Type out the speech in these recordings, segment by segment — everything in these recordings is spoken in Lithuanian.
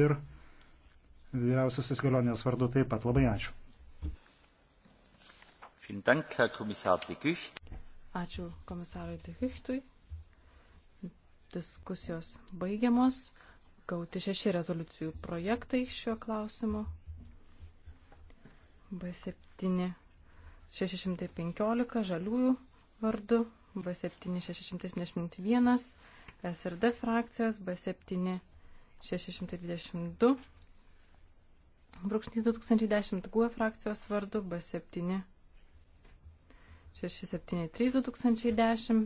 ir vyriausiasis galionės vardu taip pat. Labai ačiū. Ačiū komisarui Dekichtui. Diskusijos baigiamos. Gauti šeši rezoliucijų projektai šiuo klausimu. B7 615 žaliųjų vardu, B7 671 SRD frakcijos, B7 622. Brūkšnys 2010 GUE frakcijos vardu B7. 673 2010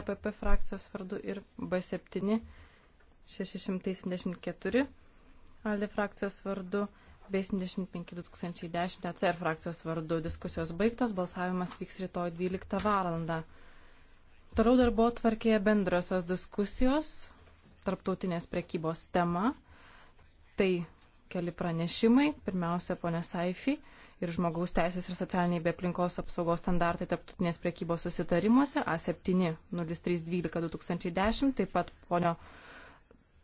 EPP frakcijos vardu ir B7 674 ALDE frakcijos vardu B75 2010 ECR frakcijos vardu. Diskusijos baigtos, balsavimas vyks rytoj 12 valandą. Toliau darbo tvarkėje bendrosios diskusijos tarptautinės prekybos tema. Tai keli pranešimai. Pirmiausia, ponė Saifi ir žmogaus teisės ir socialiniai bei aplinkos apsaugos standartai tarptautinės prekybos susitarimuose A70312 2010, taip pat ponio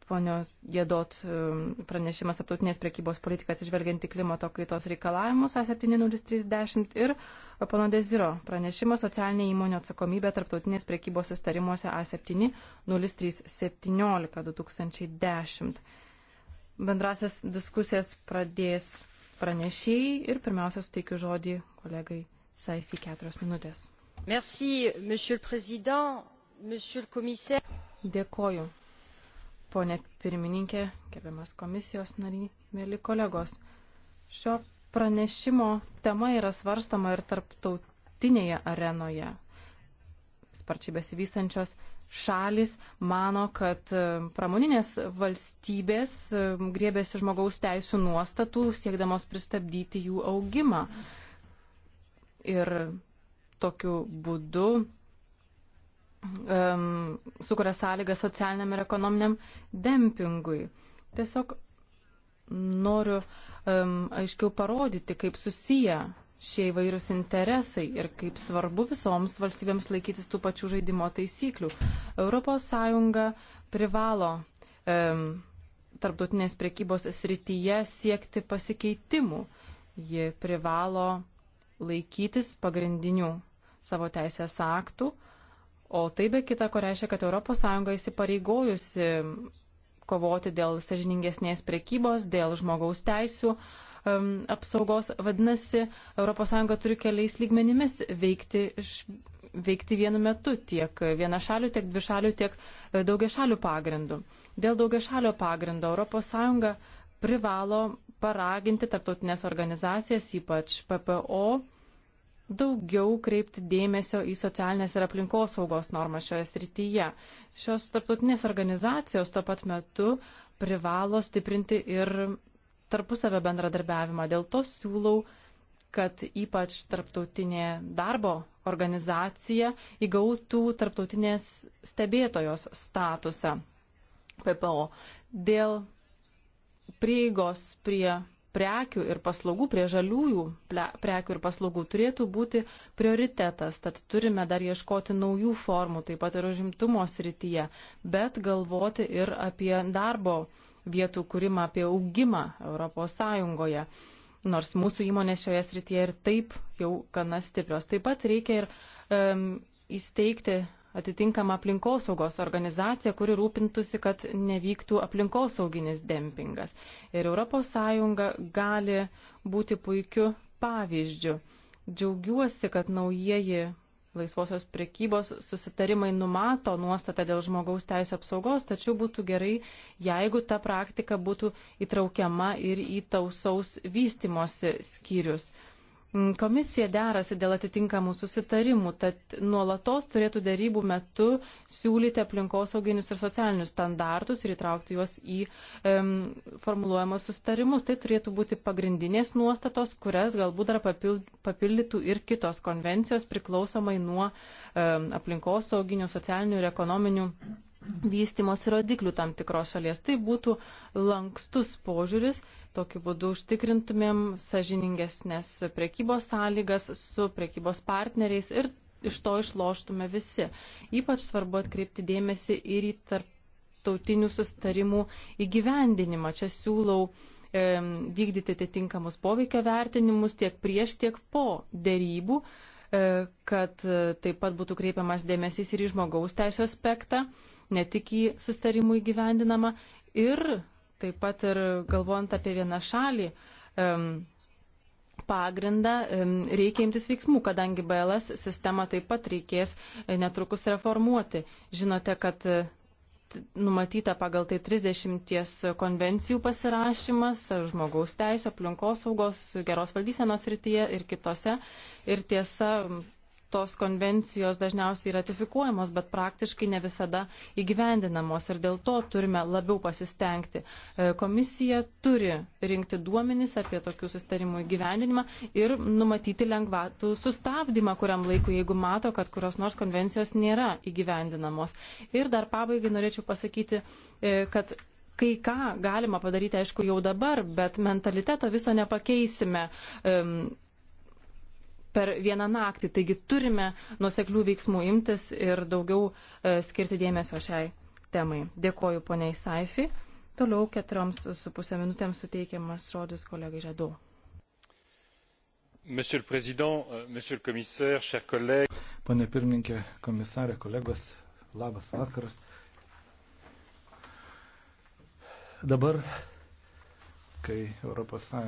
ponios Jėdot um, pranešimas aptautinės priekybos politikas išvelgianti klimato kaitos reikalavimus A70310 ir pono Deziro pranešimas socialinė įmonio atsakomybė tarptautinės priekybos sustarimuose A70317-2010. Bendrasias diskusijas pradės pranešėjai ir pirmiausia suteikiu žodį kolegai Saifi keturios minutės. Merci, monsieur le président, monsieur le commissaire. Dėkoju, Pone pirmininkė, gerbiamas komisijos nariai, mėly kolegos, šio pranešimo tema yra svarstoma ir tarptautinėje arenoje. Sparčiai besivystančios šalis mano, kad e, pramoninės valstybės e, griebėsi žmogaus teisų nuostatų, siekdamos pristabdyti jų augimą. Ir tokiu būdu um, sukuria sąlygą socialiniam ir ekonominiam dempingui. Tiesiog noriu um, aiškiau parodyti, kaip susiję šie įvairūs interesai ir kaip svarbu visoms valstybėms laikytis tų pačių žaidimo taisyklių. ES privalo um, tarptautinės priekybos srityje siekti pasikeitimų. Ji privalo laikytis pagrindinių savo teisės aktų, uh, O tai be kita, ko reiškia, kad ES įsipareigojusi kovoti dėl sažiningesnės prekybos, dėl žmogaus teisų um, apsaugos. Vadinasi, ES turi keliais lygmenimis veikti, veikti vienu metu tiek viena šalių, tiek dvi šalių, tiek e, daugia šalių pagrindų. Dėl daugia šalio pagrindo ES privalo paraginti tarptautinės organizacijas, ypač PPO, daugiau kreipti dėmesio į socialinės ir aplinkosaugos normas šioje srityje. Šios tarptautinės organizacijos tuo pat metu privalo stiprinti ir tarpusavio bendradarbiavimą. Dėl to siūlau, kad ypač tarptautinė darbo organizacija įgautų tarptautinės stebėtojos statusą PPO. Dėl prieigos prie prekių ir paslaugų, prie žaliųjų prekių ir paslaugų turėtų būti prioritetas, tad turime dar ieškoti naujų formų, taip pat ir užimtumo srityje, bet galvoti ir apie darbo vietų kūrimą, apie augimą ES. Nors mūsų įmonės šioje srityje ir taip jau gana stiprios. Taip pat reikia ir um, įsteigti atitinkamą aplinkosaugos organizaciją, kuri rūpintųsi, kad nevyktų aplinkosauginis dempingas. Ir ES gali būti puikiu pavyzdžiu. Džiaugiuosi, kad naujieji laisvosios prekybos susitarimai numato nuostatą dėl žmogaus teisų apsaugos, tačiau būtų gerai, jeigu ta praktika būtų įtraukiama ir į tausaus vystimosi skyrius. Mm, komisija derasi dėl atitinkamų susitarimų, tad nuolatos turėtų darybų metu siūlyti aplinkosauginius ir socialinius standartus ir įtraukti juos į um, formuluojamus susitarimus. Tai turėtų būti pagrindinės nuostatos, kurias galbūt dar papildytų ir kitos konvencijos priklausomai nuo um, aplinkosauginių, socialinių ir ekonominių vystimos rodiklių tam tikros šalies. Tai būtų lankstus požiūris Tokiu būdu užtikrintumėm sažiningesnės prekybos sąlygas su prekybos partneriais ir iš to išloštume visi. Ypač svarbu atkreipti dėmesį ir į tarptautinių sustarimų įgyvendinimą. Čia siūlau e, vykdyti atitinkamus poveikio vertinimus tiek prieš, tiek po dėrybų, e, kad e, taip pat būtų kreipiamas dėmesys ir į žmogaus teisų aspektą, ne tik į sustarimų įgyvendinamą. Ir Taip pat ir galvojant apie vieną šalį pagrindą reikia imtis veiksmų, kadangi BLS sistemą taip pat reikės e, netrukus reformuoti. Žinote, kad e, numatyta pagal tai 30 konvencijų pasirašymas e, žmogaus teisų, aplinkosaugos, geros valdysenos rytyje ir kitose. Ir tiesa, tos konvencijos dažniausiai ratifikuojamos, bet praktiškai ne visada įgyvendinamos ir dėl to turime labiau pasistengti. E, komisija turi rinkti duomenys apie tokių sustarimų įgyvendinimą ir numatyti lengvatų sustabdymą kuriam laikui, jeigu mato, kad kurios nors konvencijos nėra įgyvendinamos. Ir dar pabaigai norėčiau pasakyti, e, kad kai ką galima padaryti, aišku, jau dabar, bet mentaliteto viso nepakeisime. Um, per vieną naktį. Taigi turime nuseklių veiksmų imtis ir daugiau e, skirti dėmesio šiai temai. Dėkoju poniai Saifi. Toliau keturioms su pusę minutėms suteikiamas žodis kolegai Žadu. Monsieur le Président, euh, Monsieur le Commissaire, chers collègues. Pane pirmininkė, komisarė, kolegos, labas vakaras. Dabar, kai ES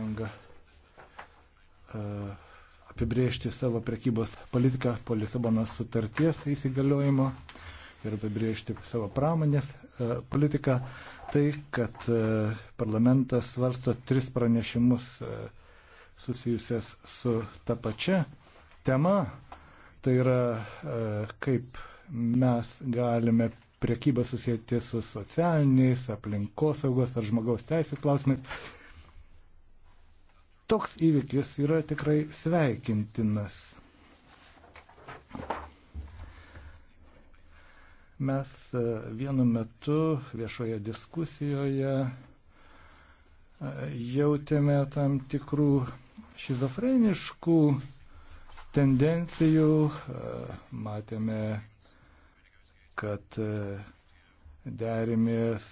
apibriežti savo prekybos politiką po Lisabonos sutarties įsigaliojimo ir apibriežti savo pramonės e, politiką. Tai, kad e, parlamentas svarsto tris pranešimus e, susijusias su ta pačia tema, tai yra kaip mes galime priekybą susijęti su socialiniais, aplinkosaugos ar žmogaus teisų klausimais. Toks įvykis yra tikrai sveikintinas. Mes e, vienu metu viešoje diskusijoje e, jautėme tam tikrų šizofreniškų tendencijų, e, matėme, kad derimės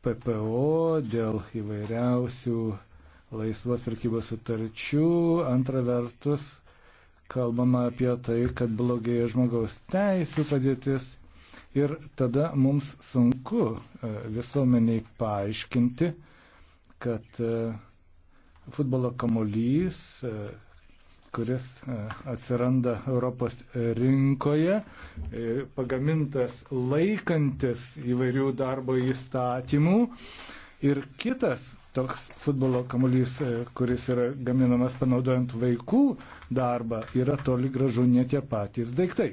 PPO dėl įvairiausių laisvos prekybos sutarčių, antra vertus kalbama apie tai, kad blogėja žmogaus teisų padėtis ir tada mums sunku e, visuomeniai paaiškinti, kad e, futbolo kamolys, e, kuris atsiranda Europos rinkoje, pagamintas laikantis įvairių darbo įstatymų, ir kitas toks futbolo kamuolys, e, kuris yra gaminamas panaudojant vaikų darbą, yra toli gražu ne tie patys daiktai.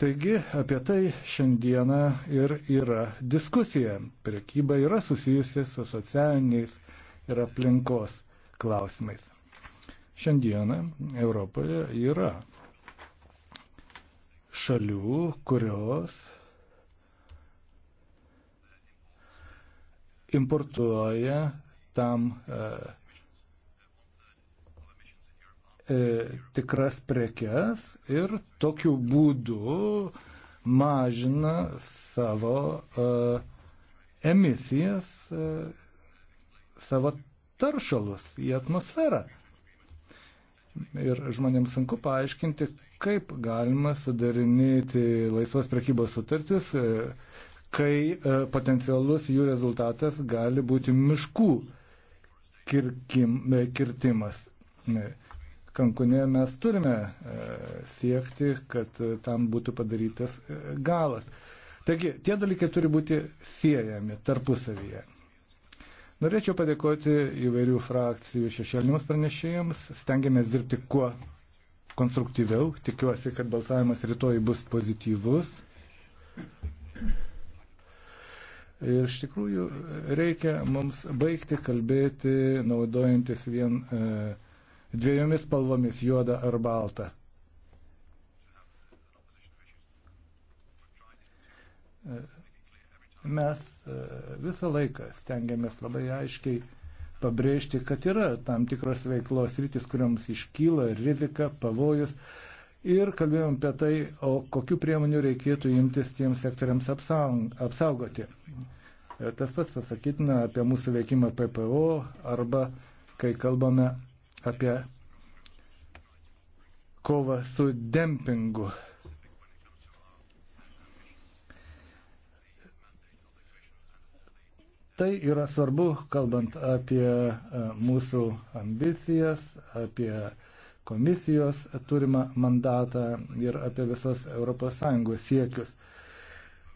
Taigi apie tai šiandieną ir yra diskusija. Prekyba yra susijusi su socialiniais ir aplinkos klausimais. Šiandieną Europoje yra šalių, kurios importuoja tam e, e, tikras prekes ir tokiu būdu mažina savo uh, emisijas, uh, savo taršalus į atmosferą. Ir žmonėms sunku paaiškinti, kaip galima sudarinėti laisvos prekybos sutartis, uh, kai e, potencialus jų rezultatas gali būti miškų kirkim, e, kirtimas. E, Kankune mes turime siekti, kad tam būtų padarytas galas. Taigi, tie dalykai turi būti siejami tarpusavyje. Norėčiau padėkoti įvairių frakcijų šešėlinimus pranešėjams. Stengiamės dirbti kuo konstruktyviau. Tikiuosi, kad balsavimas rytoj bus pozityvus. Ir iš tikrųjų reikia mums baigti kalbėti naudojantis vien e, dviejomis spalvomis - juoda ar balta. E, mes e, visą laiką stengiamės labai aiškiai pabrėžti, kad yra tam tikros veiklos rytis, kuriams iškyla rizika, pavojus. E, ir kalbėjom apie tai, o kokiu priemonių reikėtų imtis tiems sektoriams apsaugoti. E, tas pats pasakytina apie mūsų veikimą PPO arba kai kalbame apie kovą su dempingu. Tai yra svarbu, kalbant apie e, mūsų ambicijas, apie uh, komisijos turimą mandatą ir apie visas ES siekius.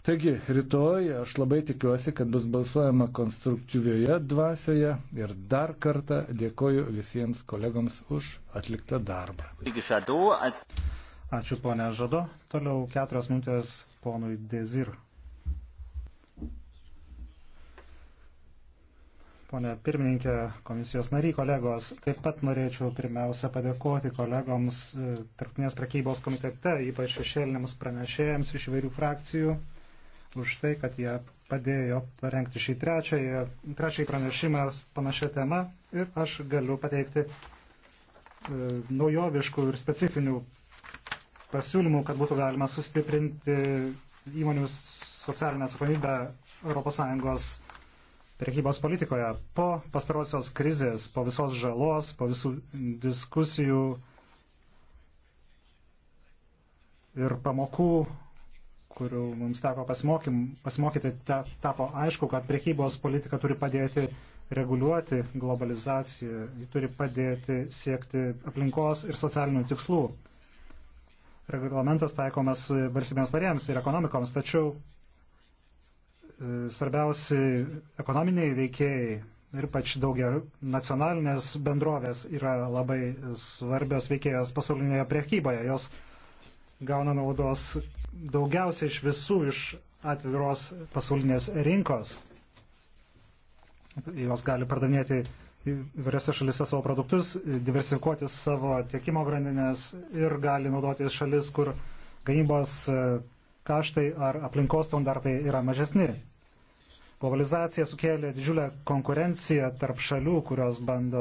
Taigi, rytoj aš labai tikiuosi, kad bus balsuojama konstruktyvioje dvasioje ir dar kartą dėkoju visiems kolegoms už atliktą darbą. Ačiū, ponia Žado. Toliau keturios minutės ponui Dezir. ponė pirmininkė, komisijos nariai, kolegos. Taip pat norėčiau pirmiausia padėkoti kolegoms e, Tarptinės prekybos komitete, ypač šešėlinėms pranešėjams iš įvairių frakcijų, už tai, kad jie padėjo parengti šį trečiąjį, trečiąjį pranešimą panašią temą. Ir aš galiu pateikti e, naujoviškų ir specifinių pasiūlymų, kad būtų galima sustiprinti įmonių socialinę atsakomybę ES priekybos politikoje. Po pastarosios krizės, po visos žalos, po visų diskusijų ir pamokų, kurių mums teko pasimokyti, ta, tapo aišku, kad priekybos politika turi padėti reguliuoti globalizaciją, ji turi padėti siekti aplinkos ir socialinių tikslų. Reglamentas taikomas valstybėms narėms ir ekonomikoms, tačiau svarbiausi ekonominiai veikėjai ir pač daugia nacionalinės bendrovės yra labai svarbios veikėjos pasaulinėje priekyboje. Jos gauna naudos daugiausiai iš visų iš atviros pasaulinės rinkos. Jos gali pardavinėti įvairiose šalise savo produktus, diversifikuoti savo tiekimo grandinės ir gali naudotis šalis, kur gamybos kaštai ar aplinkos standartai yra mažesni. Globalizacija sukėlė didžiulę konkurenciją tarp šalių, kurios bando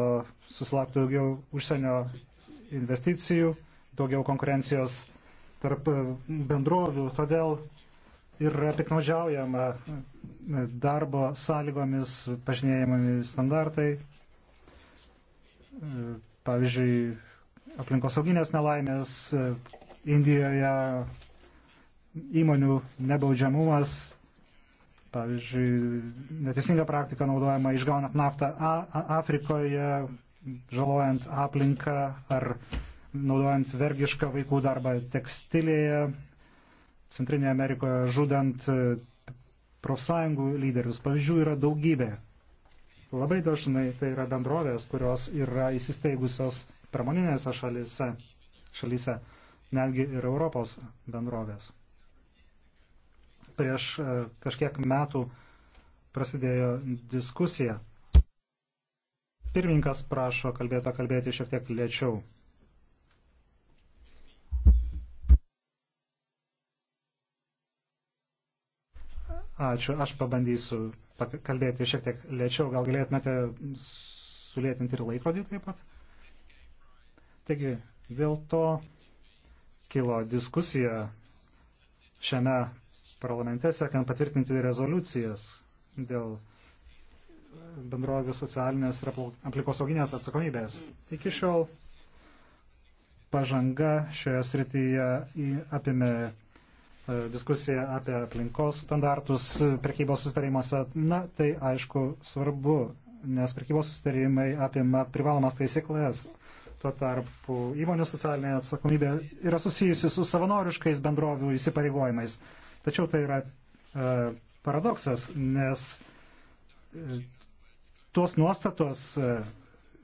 susilaukti daugiau užsienio investicijų, daugiau konkurencijos tarp e, bendrovių, todėl yra piknaudžiaujama e, darbo sąlygomis, pažinėjimami standartai, e, pavyzdžiui, aplinkosauginės nelaimės Indijoje, įmonių nebaudžiamumas, pavyzdžiui, neteisinga praktika naudojama išgaunant naftą Afrikoje, žalojant aplinką ar naudojant vergišką vaikų darbą tekstilėje, Centrinėje Amerikoje žudant e, profsąjungų lyderius. Pavyzdžių yra daugybė. Labai dažnai tai yra bendrovės, kurios yra įsisteigusios pramoninėse šalyse, šalyse netgi ir Europos bendrovės prieš e, kažkiek metų prasidėjo diskusija. Pirmininkas prašo kalbėto kalbėti šiek tiek lėčiau. Ačiū, aš pabandysiu kalbėti šiek tiek lėčiau. Gal galėtumėte sulėtinti ir laikrodį taip pat? Taigi, dėl to kilo diskusija šiame parlamente, siekiant patvirtinti rezoliucijas dėl bendrovių socialinės ir aplikosauginės atsakomybės. Iki šiol pažanga šioje srityje apimė e, diskusiją apie aplinkos standartus prekybos sustarimuose. Na, tai aišku svarbu, nes prekybos sustarimai apima privalomas taisyklės. Tuo tarpu įmonių socialinė atsakomybė yra susijusi su savanoriškais bendrovių įsipareigojimais. Tačiau tai yra e, paradoksas, nes e, tos nuostatos e,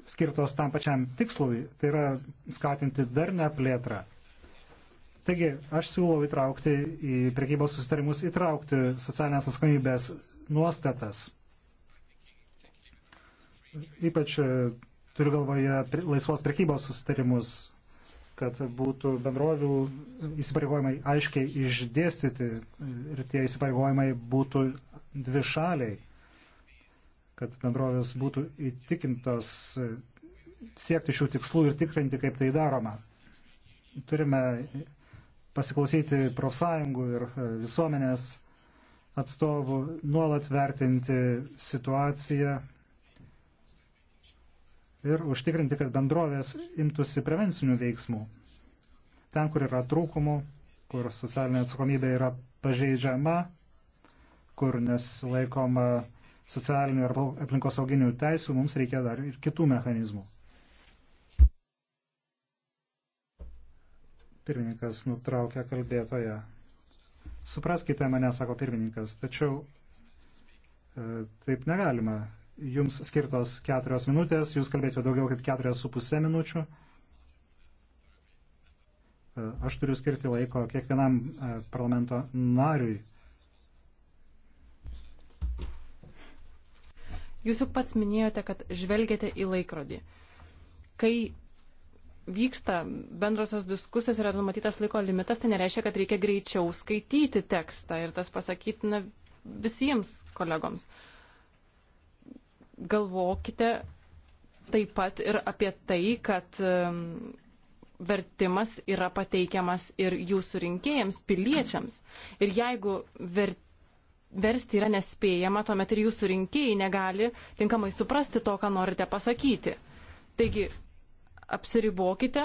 skirtos tam pačiam tikslui, tai yra skatinti darnę plėtrą. Taigi, aš siūlau įtraukti į prekybos susitarimus, įtraukti socialinės atsakomybės nuostatas. Ypač turiu galvoje laisvos prekybos susitarimus, kad būtų bendrovių įsipareigojimai aiškiai išdėstyti ir tie įsipareigojimai būtų dvi šaliai, kad bendrovės būtų įtikintos siekti šių tikslų ir tikrinti, kaip tai daroma. Turime pasiklausyti profsąjungų ir e, visuomenės atstovų, nuolat vertinti situaciją ir užtikrinti, kad bendrovės imtųsi prevencinių veiksmų. Ten, kur yra trūkumų, kur socialinė atsakomybė yra pažeidžiama, kur nesilaikoma socialinių ir aplinkosauginių teisų, mums reikia dar ir kitų mechanizmų. Pirmininkas nutraukė kalbėtoje. Supraskite mane, sako pirmininkas, tačiau e, taip negalima jums skirtos keturios minutės, jūs kalbėjote daugiau kaip keturias su pusė minučių. E, aš turiu skirti laiko kiekvienam e, parlamento nariui. Jūs juk pats minėjote, kad žvelgiate į laikrodį. Kai vyksta bendrosios diskusijos yra numatytas laiko limitas, tai nereiškia, kad reikia greičiau skaityti tekstą ir tas pasakytina visiems kolegoms. Uh, galvokite taip pat ir apie tai, kad vertimas yra pateikiamas ir jūsų rinkėjams, piliečiams. Ir jeigu vertimas versti yra nespėjama, tuomet ir jūsų rinkėjai negali tinkamai suprasti to, ką norite pasakyti. Taigi, apsiribokite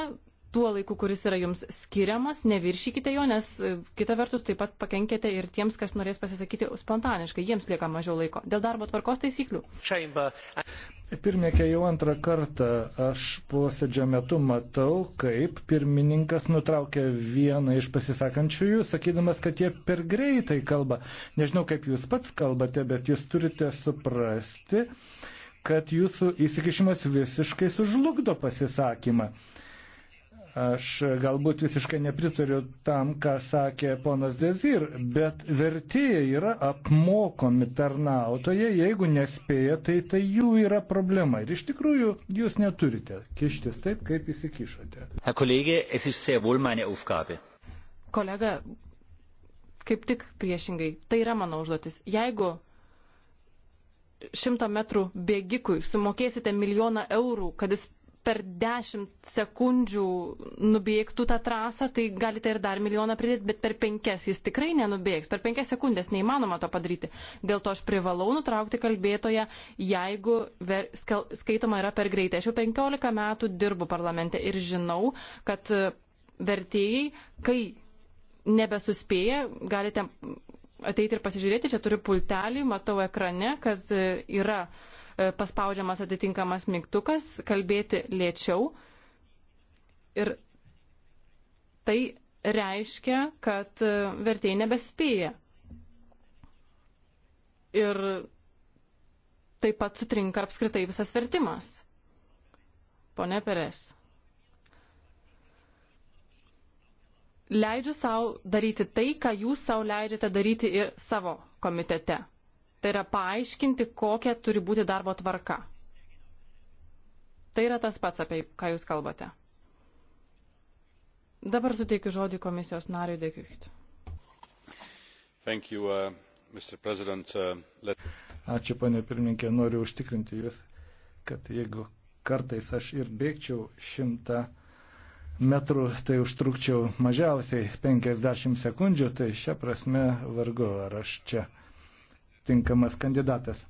tuo laiku, kuris yra jums skiriamas, neviršykite jo, nes e, kita vertus taip pat pakenkite ir tiems, kas norės pasisakyti spontaniškai, jiems lieka mažiau laiko. Dėl darbo tvarkos taisyklių. Pirmininkė, jau antrą kartą aš posėdžio metu matau, kaip pirmininkas nutraukia vieną iš pasisakančiųjų, sakydamas, kad jie per greitai kalba. Nežinau, kaip jūs pats kalbate, bet jūs turite suprasti, kad jūsų įsikišimas visiškai sužlugdo pasisakymą. Aš galbūt visiškai nepritariu tam, ką sakė ponas Dezir, bet vertėjai yra apmokomi tarnautojai, jeigu nespėja, tai tai jų yra problema. Ir iš tikrųjų jūs neturite kištis taip, kaip įsikišote. Kolega, kaip tik priešingai, tai yra mano užduotis. Jeigu šimto metrų bėgikui sumokėsite milijoną eurų, kad jis per 10 sekundžių nubėgtų tą trasą, tai galite ir dar milijoną pridėti, bet per 5 jis tikrai nenubėgs. Per 5 sekundės neįmanoma to padaryti. Dėl to aš privalau nutraukti kalbėtoją, jeigu ver, skal, skaitoma yra per greitai. Aš jau 15 metų dirbu parlamente ir žinau, kad e, vertėjai, kai nebesuspėja, galite ateiti ir pasižiūrėti, čia turiu pultelį, matau ekrane, kad e, yra uh, E, paspaudžiamas atitinkamas mygtukas, kalbėti lėčiau. Ir tai reiškia, kad e, vertėjai nebespėja. Ir taip pat sutrinka apskritai visas vertimas. Pone Peres. Leidžiu savo daryti tai, ką jūs savo leidžiate daryti ir savo komitete. Tai yra paaiškinti, kokia turi būti darbo tvarka. Tai yra tas pats, apie ką jūs kalbate. Dabar suteikiu žodį komisijos nariui Dekiucht. Uh, uh, let... Ačiū, panė pirmininkė, noriu užtikrinti jūs, kad jeigu kartais aš ir bėgčiau šimtą metrų, tai užtrukčiau mažiausiai 50 sekundžių, tai šią prasme vargu, ar aš čia uh, tinkamas kandidatas.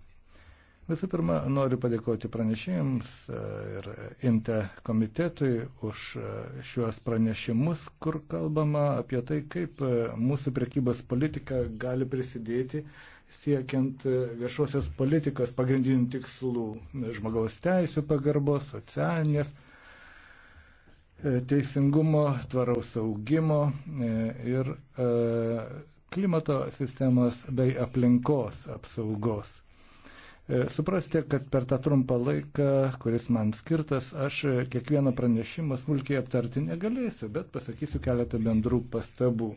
Visų pirma, noriu padėkoti pranešėjams e, ir INTE komitetui už e, šiuos pranešimus, kur kalbama apie tai, kaip e, mūsų prekybos politika gali prisidėti siekiant viešosios politikos pagrindinių tikslų - žmogaus teisų pagarbos, socialinės, teisingumo, tvaraus augimo ir klimato sistemos bei aplinkos apsaugos. E, Suprastė, kad per tą trumpą laiką, kuris man skirtas, aš kiekvieną pranešimą smulkiai aptarti negalėsiu, bet pasakysiu keletą bendrų pastabų.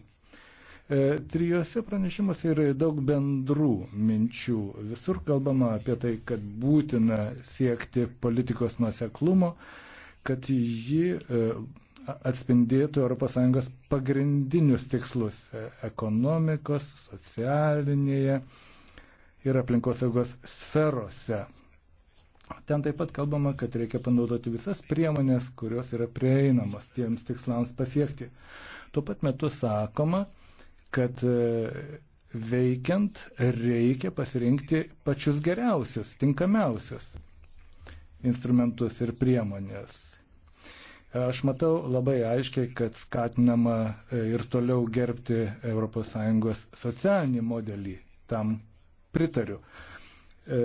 E, Trijose pranešimuose yra daug bendrų minčių. Visur kalbama apie tai, kad būtina siekti politikos nuseklumo, kad ji e, atspindėtų ES pagrindinius tikslus e, ekonomikos, socialinėje ir aplinkosaugos sferose. Ten taip pat kalbama, kad reikia panaudoti visas priemonės, kurios yra prieinamos tiems tikslams pasiekti. Tuo pat metu sakoma, kad e, veikiant reikia pasirinkti pačius geriausius, tinkamiausius instrumentus ir priemonės. Aš matau labai aiškiai, kad skatinama e, ir toliau gerbti ES socialinį modelį. Tam pritariu. E,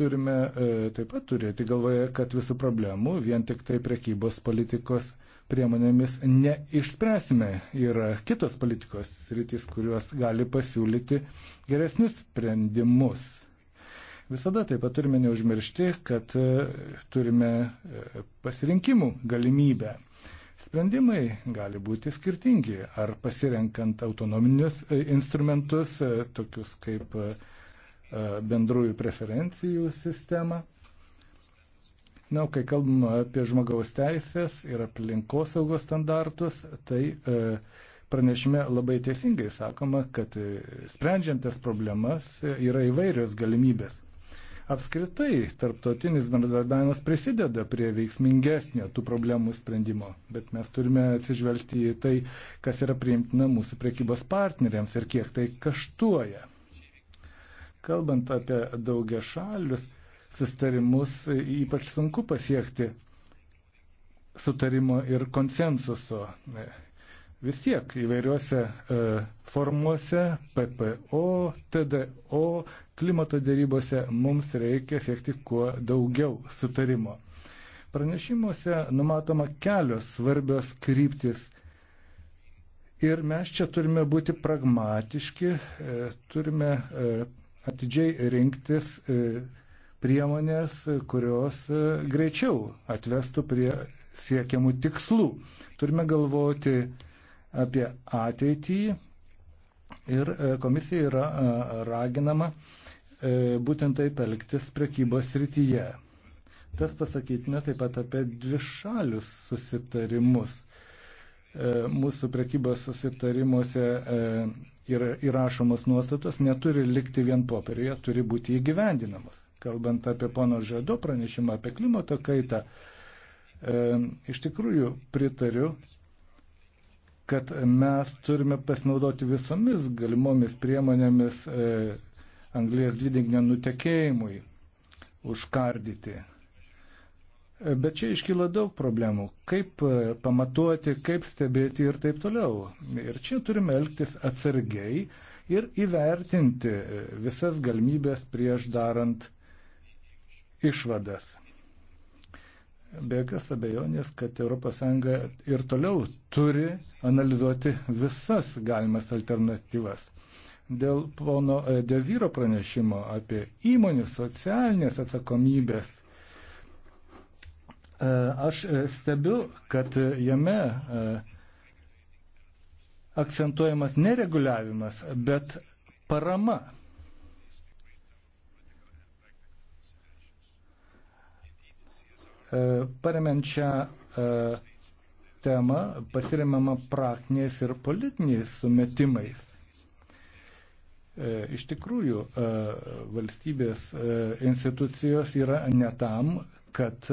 turime e, taip pat turėti galvoje, kad visų problemų vien tik tai prekybos politikos priemonėmis neišspręsime. Yra kitos politikos rytis, kuriuos gali pasiūlyti geresnius sprendimus. Visada taip pat turime neužmiršti, kad e, turime e, pasirinkimų galimybę. Sprendimai gali būti skirtingi, ar pasirenkant autonominius e, instrumentus, tokius kaip bendrųjų preferencijų sistemą. Na, kai kalbam apie žmogaus teisės ir aplinkosaugos standartus, tai e, pranešime labai teisingai sakoma, kad sprendžiant tas problemas yra įvairios galimybės. Apskritai, tarptautinis bendradarbiavimas prisideda prie veiksmingesnio tų problemų sprendimo, bet mes turime atsižvelgti į tai, kas yra priimtina mūsų priekybos partneriams ir kiek tai kaštuoja. Kalbant apie daugia šalius, sustarimus ypač sunku pasiekti sutarimo ir konsensuso. Vis tiek įvairiuose e, formuose PPO, TDO klimato dėrybose mums reikia siekti kuo daugiau sutarimo. Pranešimuose numatoma kelios svarbios kryptis. Ir mes čia turime būti pragmatiški, e, turime e, atidžiai rinktis e, priemonės, kurios greičiau atvestų prie siekiamų tikslų. Turime galvoti apie ateitį ir komisija yra raginama E, būtent taip elgtis prekybos srityje. Tas pasakytina taip pat apie dvišalius susitarimus. E, mūsų prekybos susitarimuose ir e, įrašomos nuostatos neturi likti vien popieriuje, turi būti įgyvendinamos. Kalbant apie pono Žedo pranešimą apie klimato kaitą, iš tikrųjų pritariu, kad mes turime pasinaudoti visomis galimomis priemonėmis anglės dvideginio nutekėjimui užkardyti. Bet čia iškyla daug problemų. Kaip e, pamatuoti, kaip stebėti ir taip toliau. Ir čia turime elgtis atsargiai ir įvertinti e, visas galimybės prieš darant išvadas. Be jokios abejonės, kad ES ir toliau turi analizuoti visas galimas alternatyvas dėl pono e, Deziro pranešimo apie įmonių socialinės atsakomybės. E, aš e, stebiu, kad jame akcentuojamas nereguliavimas, bet parama. Paremenčią temą pasiremiama praktiniais ir politiniais sumetimais. E, iš tikrųjų, e, valstybės e, institucijos yra ne tam, kad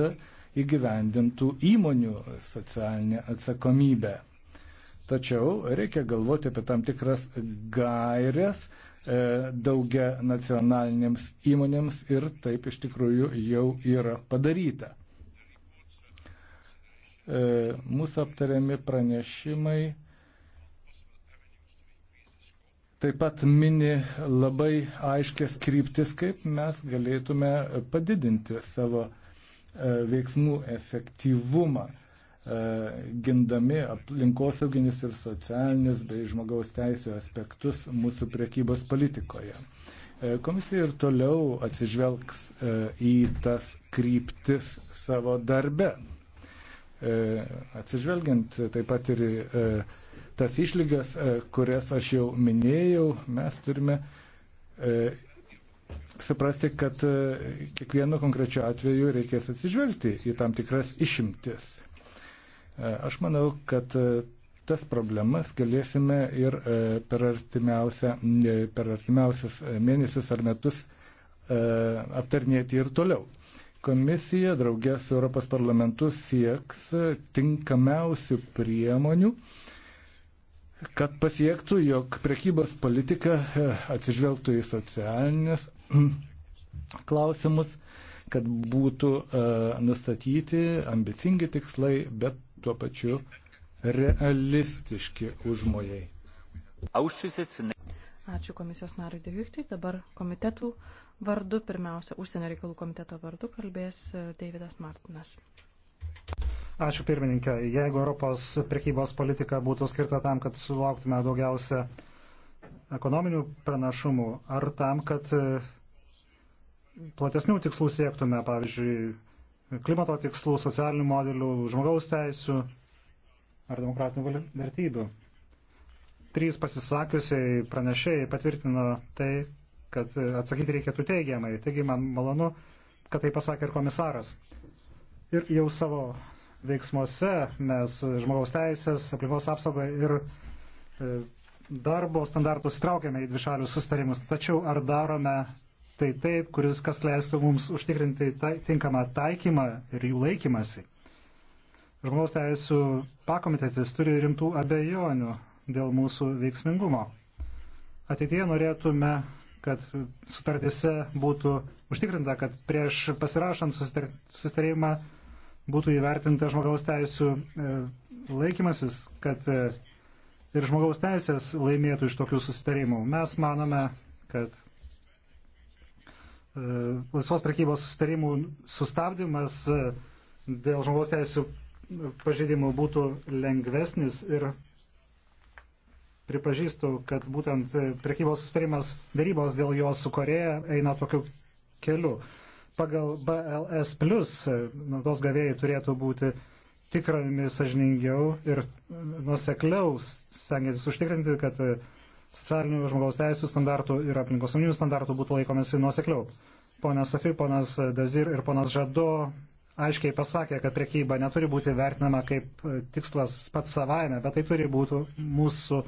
įgyvendintų įmonių socialinę atsakomybę. Tačiau reikia galvoti apie tam tikras gairias daugia nacionalinėms įmonėms ir taip iš tikrųjų jau yra padaryta. Mūsų aptariami pranešimai taip pat mini labai aiškės kryptis, kaip mes galėtume padidinti savo e, veiksmų efektyvumą, e, gindami aplinkosauginius ir socialinius bei žmogaus teisų aspektus mūsų priekybos politikoje. E, komisija ir toliau atsižvelgs į tas kryptis savo darbe. Atsižvelgiant taip pat ir tas išlygas, e, kurias aš jau minėjau, mes turime e, suprasti, kad e, kiekvienu konkrečiu atveju reikės atsižvelgti į tam tikras išimtis. Aš manau, kad tas problemas galėsime ir per, per artimiausius mėnesius ar metus aptarnėti ir toliau. Komisija draugės Europos parlamentu sieks tinkamiausių priemonių, uh, kad pasiektų, jog prekybos politika e, atsižvelgtų į socialinės klausimus, kad būtų e, nustatyti ambicingi tikslai, bet tuo pačiu realistiški užmojai. Ačiū komisijos nariui Deviktui. Dabar komitetų vardu, pirmiausia, užsienio reikalų komiteto vardu kalbės e, Davidas Martinas. Ačiū pirmininkė. Jeigu Europos prekybos politika būtų skirta tam, kad sulauktume daugiausia ekonominių pranašumų, ar tam, kad e, platesnių tikslų siektume, pavyzdžiui, klimato tikslų, socialinių modelių, žmogaus teisų ar demokratinių vertybių. Trys pasisakiusiai pranešėjai patvirtino tai, kad e, atsakyti reikėtų teigiamai. Taigi man malonu, kad tai pasakė ir komisaras. Ir jau savo veiksmuose mes žmogaus teisės, aplinkos apsaugą ir e, darbo standartus traukiame į dvišalius sustarimus. Tačiau ar darome tai taip, kuris kas leistų mums užtikrinti tai, tinkamą taikymą ir jų laikymasi? Žmogaus teisų pakomitetis turi rimtų abejonių dėl mūsų veiksmingumo. Ateityje norėtume, kad sutartise būtų užtikrinta, kad prieš pasirašant susitarimą būtų įvertinta žmogaus teisų e, laikymasis, kad e, ir žmogaus teisės laimėtų iš tokių susitarimų. Mes manome, kad e, laisvos prekybos susitarimų sustabdymas dėl žmogaus teisų pažeidimų būtų lengvesnis ir pripažįstu, kad būtent prekybos sustarimas darybos dėl jo su Koreja eina tokiu keliu pagal BLS, e, naudos gavėjai turėtų būti tikrami sažiningiau ir nusekliau stengiantis užtikrinti, kad e, socialinių žmogaus teisų standartų ir aplinkos unijų standartų būtų laikomasi nusekliau. Ponas Safi, ponas Dazir ir ponas Žado aiškiai pasakė, kad prekyba neturi būti vertinama kaip e, tikslas pats savaime, bet tai turi būti mūsų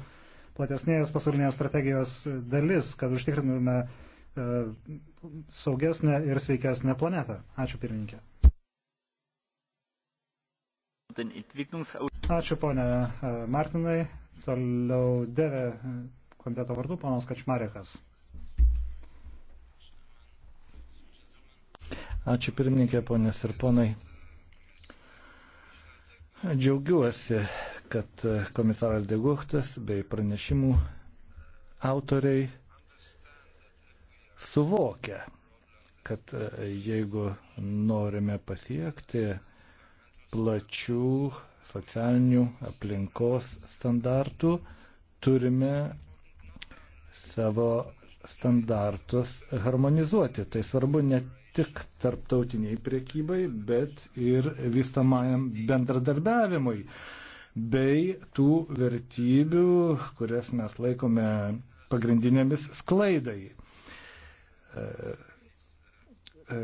platesnės pasaulinės strategijos dalis, kad užtikrintume E, saugesnę ir sveikesnę planetą. Ačiū pirmininkė. Ačiū ponė e, Martinai. Toliau devė komiteto vardu ponas Kačmarekas. Ačiū pirmininkė, ponės ir ponai. Džiaugiuosi, kad komisaras Deguhtas bei pranešimų autoriai suvokia, kad e, jeigu norime pasiekti plačių socialinių aplinkos standartų, turime savo standartus harmonizuoti. Tai svarbu ne tik tarptautiniai priekybai, bet ir vystamajam bendradarbiavimui bei tų vertybių, kurias mes laikome pagrindinėmis sklaidai. E, e,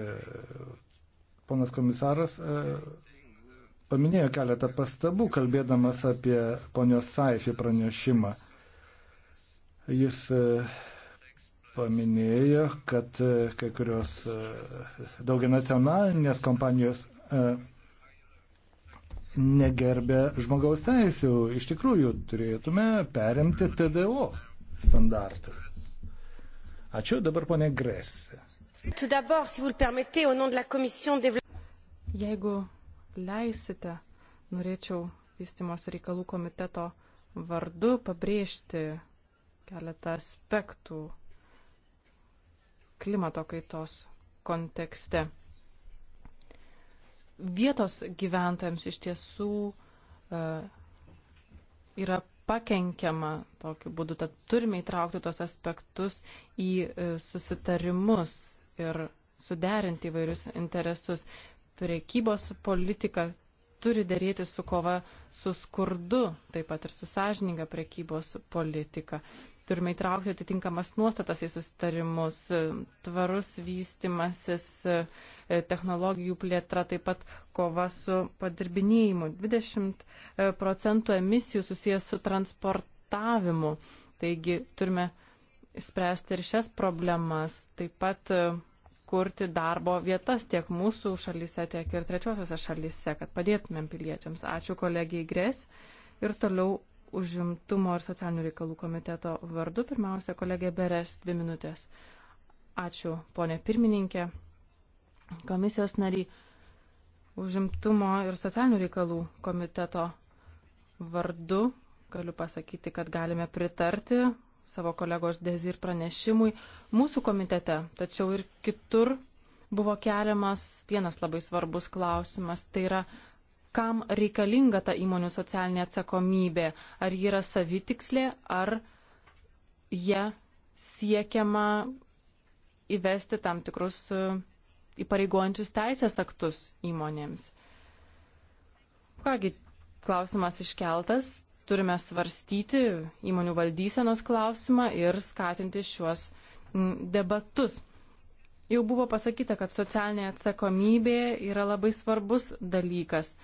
ponas komisaras e, paminėjo keletą pastabų, kalbėdamas apie ponios Saifį pranešimą. Jis paminėjo, kad kai kurios daugia nacionalinės kompanijos negerbė žmogaus teisų. Iš tikrųjų, turėtume perimti TDO standartus. Ačiū dabar ponė Gresė. Jeigu leisite, norėčiau vystimos reikalų komiteto vardu pabrėžti keletą aspektų klimato kaitos kontekste. Vietos gyventojams iš tiesų uh, yra pakenkiama tokiu būdu. Tad turime įtraukti tos aspektus į e, susitarimus ir suderinti įvairius interesus. Prekybos politika turi dėrėti su kova su skurdu, taip pat ir su sąžininga prekybos politika turime įtraukti atitinkamas nuostatas į sustarimus. Tvarus vystimasis, technologijų plėtra, taip pat kova su padirbinėjimu. 20 procentų emisijų susijęs su transportavimu. Taigi turime spręsti ir šias problemas. Taip pat e, kurti darbo vietas tiek mūsų šalyse, tiek ir trečiosiuose šalyse, kad padėtumėm piliečiams. Ačiū kolegijai Grės ir toliau užimtumo ir socialinių reikalų komiteto vardu. Pirmiausia, kolegė Beres, dvi minutės. Ačiū, ponė pirmininkė, komisijos nariai, užimtumo ir socialinių reikalų komiteto vardu. Galiu pasakyti, kad galime pritarti savo kolegos Dezir pranešimui mūsų komitete, tačiau ir kitur buvo keliamas vienas labai svarbus klausimas, tai yra kam reikalinga ta įmonių socialinė atsakomybė, ar ji yra savitikslė, ar ją siekiama įvesti tam tikrus e, įpareigojančius teisės aktus įmonėms. Kągi, klausimas iškeltas, turime svarstyti įmonių valdysenos klausimą ir skatinti šiuos debatus. Jau buvo pasakyta, kad socialinė atsakomybė yra labai svarbus dalykas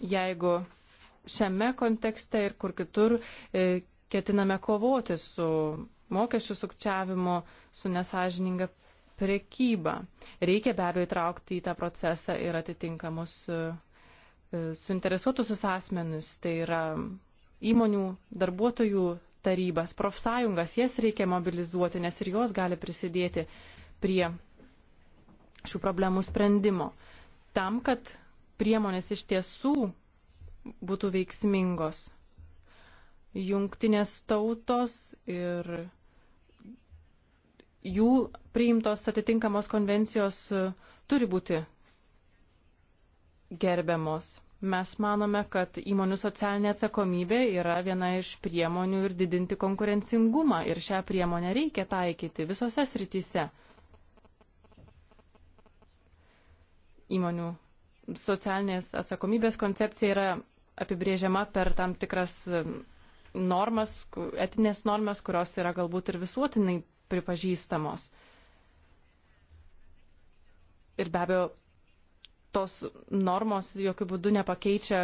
jeigu šiame kontekste ir kur kitur e, ketiname kovoti su mokesčių sukčiavimu, su nesažininga prekyba. Reikia be abejo įtraukti į tą procesą ir atitinkamus e, e, suinteresuotusius asmenis, tai yra įmonių, darbuotojų tarybas, profsąjungas, jas reikia mobilizuoti, nes ir jos gali prisidėti prie šių problemų sprendimo. Tam, kad priemonės iš tiesų būtų veiksmingos. Jungtinės tautos ir jų priimtos atitinkamos konvencijos e, turi būti gerbiamos. Mes manome, kad įmonių socialinė atsakomybė yra viena iš priemonių ir didinti konkurencingumą ir šią priemonę reikia taikyti visose srityse. Įmonių socialinės atsakomybės koncepcija yra apibrėžiama per tam tikras um, normas, etinės normas, kurios yra galbūt ir visuotinai pripažįstamos. Ir be abejo, tos normos jokių būdų nepakeičia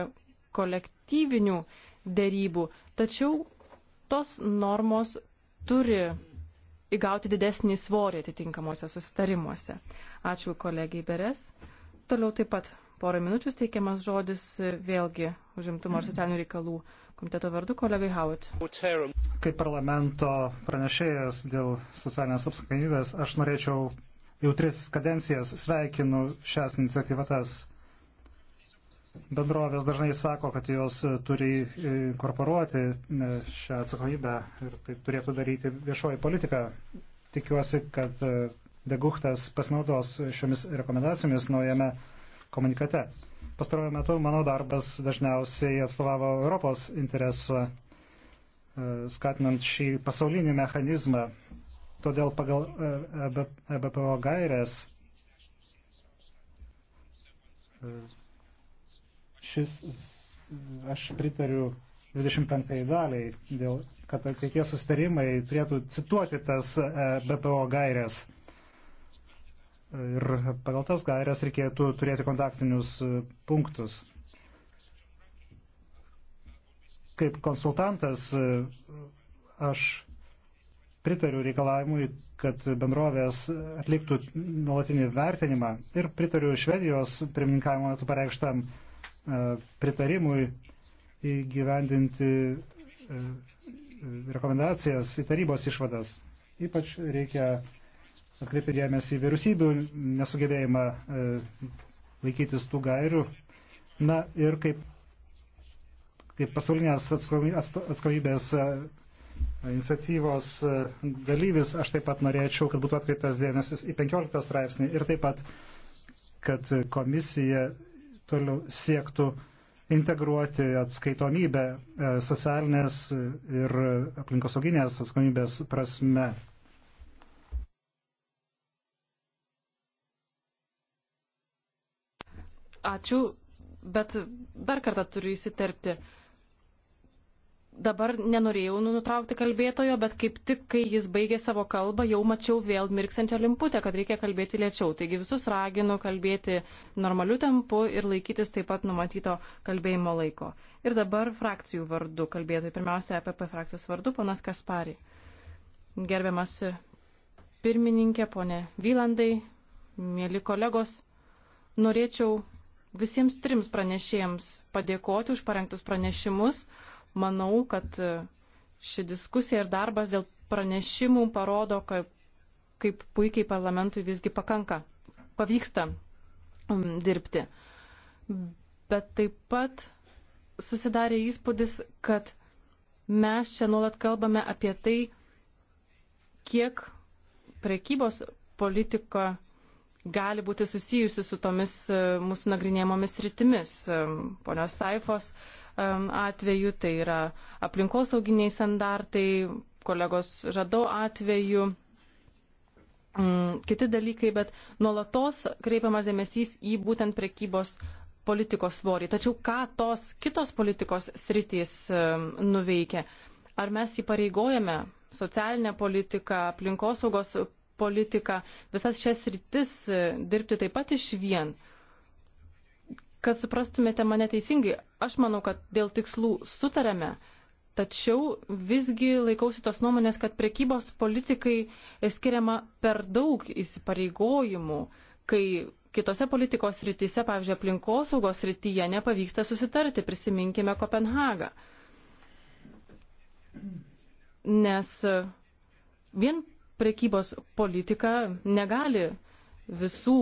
kolektyvinių dėrybų, tačiau tos normos turi įgauti didesnį svorį atitinkamuose susitarimuose. Ačiū kolegijai Beres. Toliau taip pat porą minučių steikiamas žodis e, vėlgi užimtumo ir socialinių reikalų komiteto vardu kolegai Howard. Kaip parlamento pranešėjas dėl socialinės apskaitybės, aš norėčiau jau tris kadencijas sveikinu šias iniciatyvatas. Bendrovės dažnai sako, kad jos turi inkorporuoti e, šią atsakomybę ir tai turėtų daryti viešoji politika. Tikiuosi, kad e, Deguchtas pasinaudos šiomis rekomendacijomis naujame komunikate. Pastaruoju metu mano darbas dažniausiai atstovavo Europos interesų, e, skatinant šį pasaulinį mechanizmą. Todėl pagal EBPO e e gairės šis, aš pritariu 25 daliai, dėl, kad ateities sustarimai turėtų cituoti tas BPO gairės. Ir pagal tas gairias reikėtų turėti kontaktinius e, punktus. Kaip konsultantas e, aš pritariu reikalavimui, kad bendrovės atliktų nuolatinį vertinimą ir pritariu Švedijos pirmininkavimo metu pareikštam e, pritarimui įgyvendinti rekomendacijas į tarybos išvadas. Ypač reikia atkreipti dėmesį į vyriausybių nesugebėjimą e, laikytis tų gairių. Na ir kaip, kaip pasaulinės atstovybės e, iniciatyvos e, dalyvis, aš taip pat norėčiau, kad būtų atkreiptas dėmesys į 15 straipsnį ir taip pat, kad komisija toliau siektų integruoti atskaitomybę e, socialinės ir aplinkosauginės atskaitomybės prasme. Ačiū, bet dar kartą turiu įsiterpti. Dabar nenorėjau nu, nutraukti kalbėtojo, bet kaip tik, kai jis baigė savo kalbą, jau mačiau vėl mirksančią limputę, kad reikia kalbėti lėčiau. Taigi visus raginu kalbėti normaliu tempu ir laikytis taip pat numatyto kalbėjimo laiko. Ir dabar frakcijų vardu kalbėtojai. Pirmiausia, APP e frakcijos vardu, ponas Kaspari. Gerbiamas pirmininkė, ponė Vylandai, mėly kolegos, norėčiau visiems trims pranešėjams padėkoti už parengtus pranešimus. Manau, kad e, ši diskusija ir darbas dėl pranešimų parodo, kaip, kaip puikiai parlamentui visgi pakanka, pavyksta dirbti. Bet taip pat susidarė įspūdis, kad mes čia nuolat kalbame apie tai, kiek prekybos politika uh, gali būti susijusi su tomis e, mūsų nagrinėjamomis rytimis. E, ponios Saifos e, atveju tai yra aplinkosauginiai standartai, kolegos Žadau atveju mm, kiti dalykai, bet nuolatos kreipiamas dėmesys į būtent prekybos politikos svorį. Tačiau ką tos kitos politikos sritys nuveikia? Ar mes įpareigojame socialinę politiką, aplinkosaugos politiką, visas šias rytis e, dirbti taip pat iš vien. Kad suprastumėte mane teisingai, aš manau, kad dėl tikslų sutarėme, tačiau visgi laikausi tos nuomonės, kad prekybos politikai e, skiriama per daug įsipareigojimų, kai kitose politikos rytise, pavyzdžiui, aplinkosaugos rytyje nepavyksta susitarti, prisiminkime Kopenhagą. Nes e, vien prekybos politika negali visų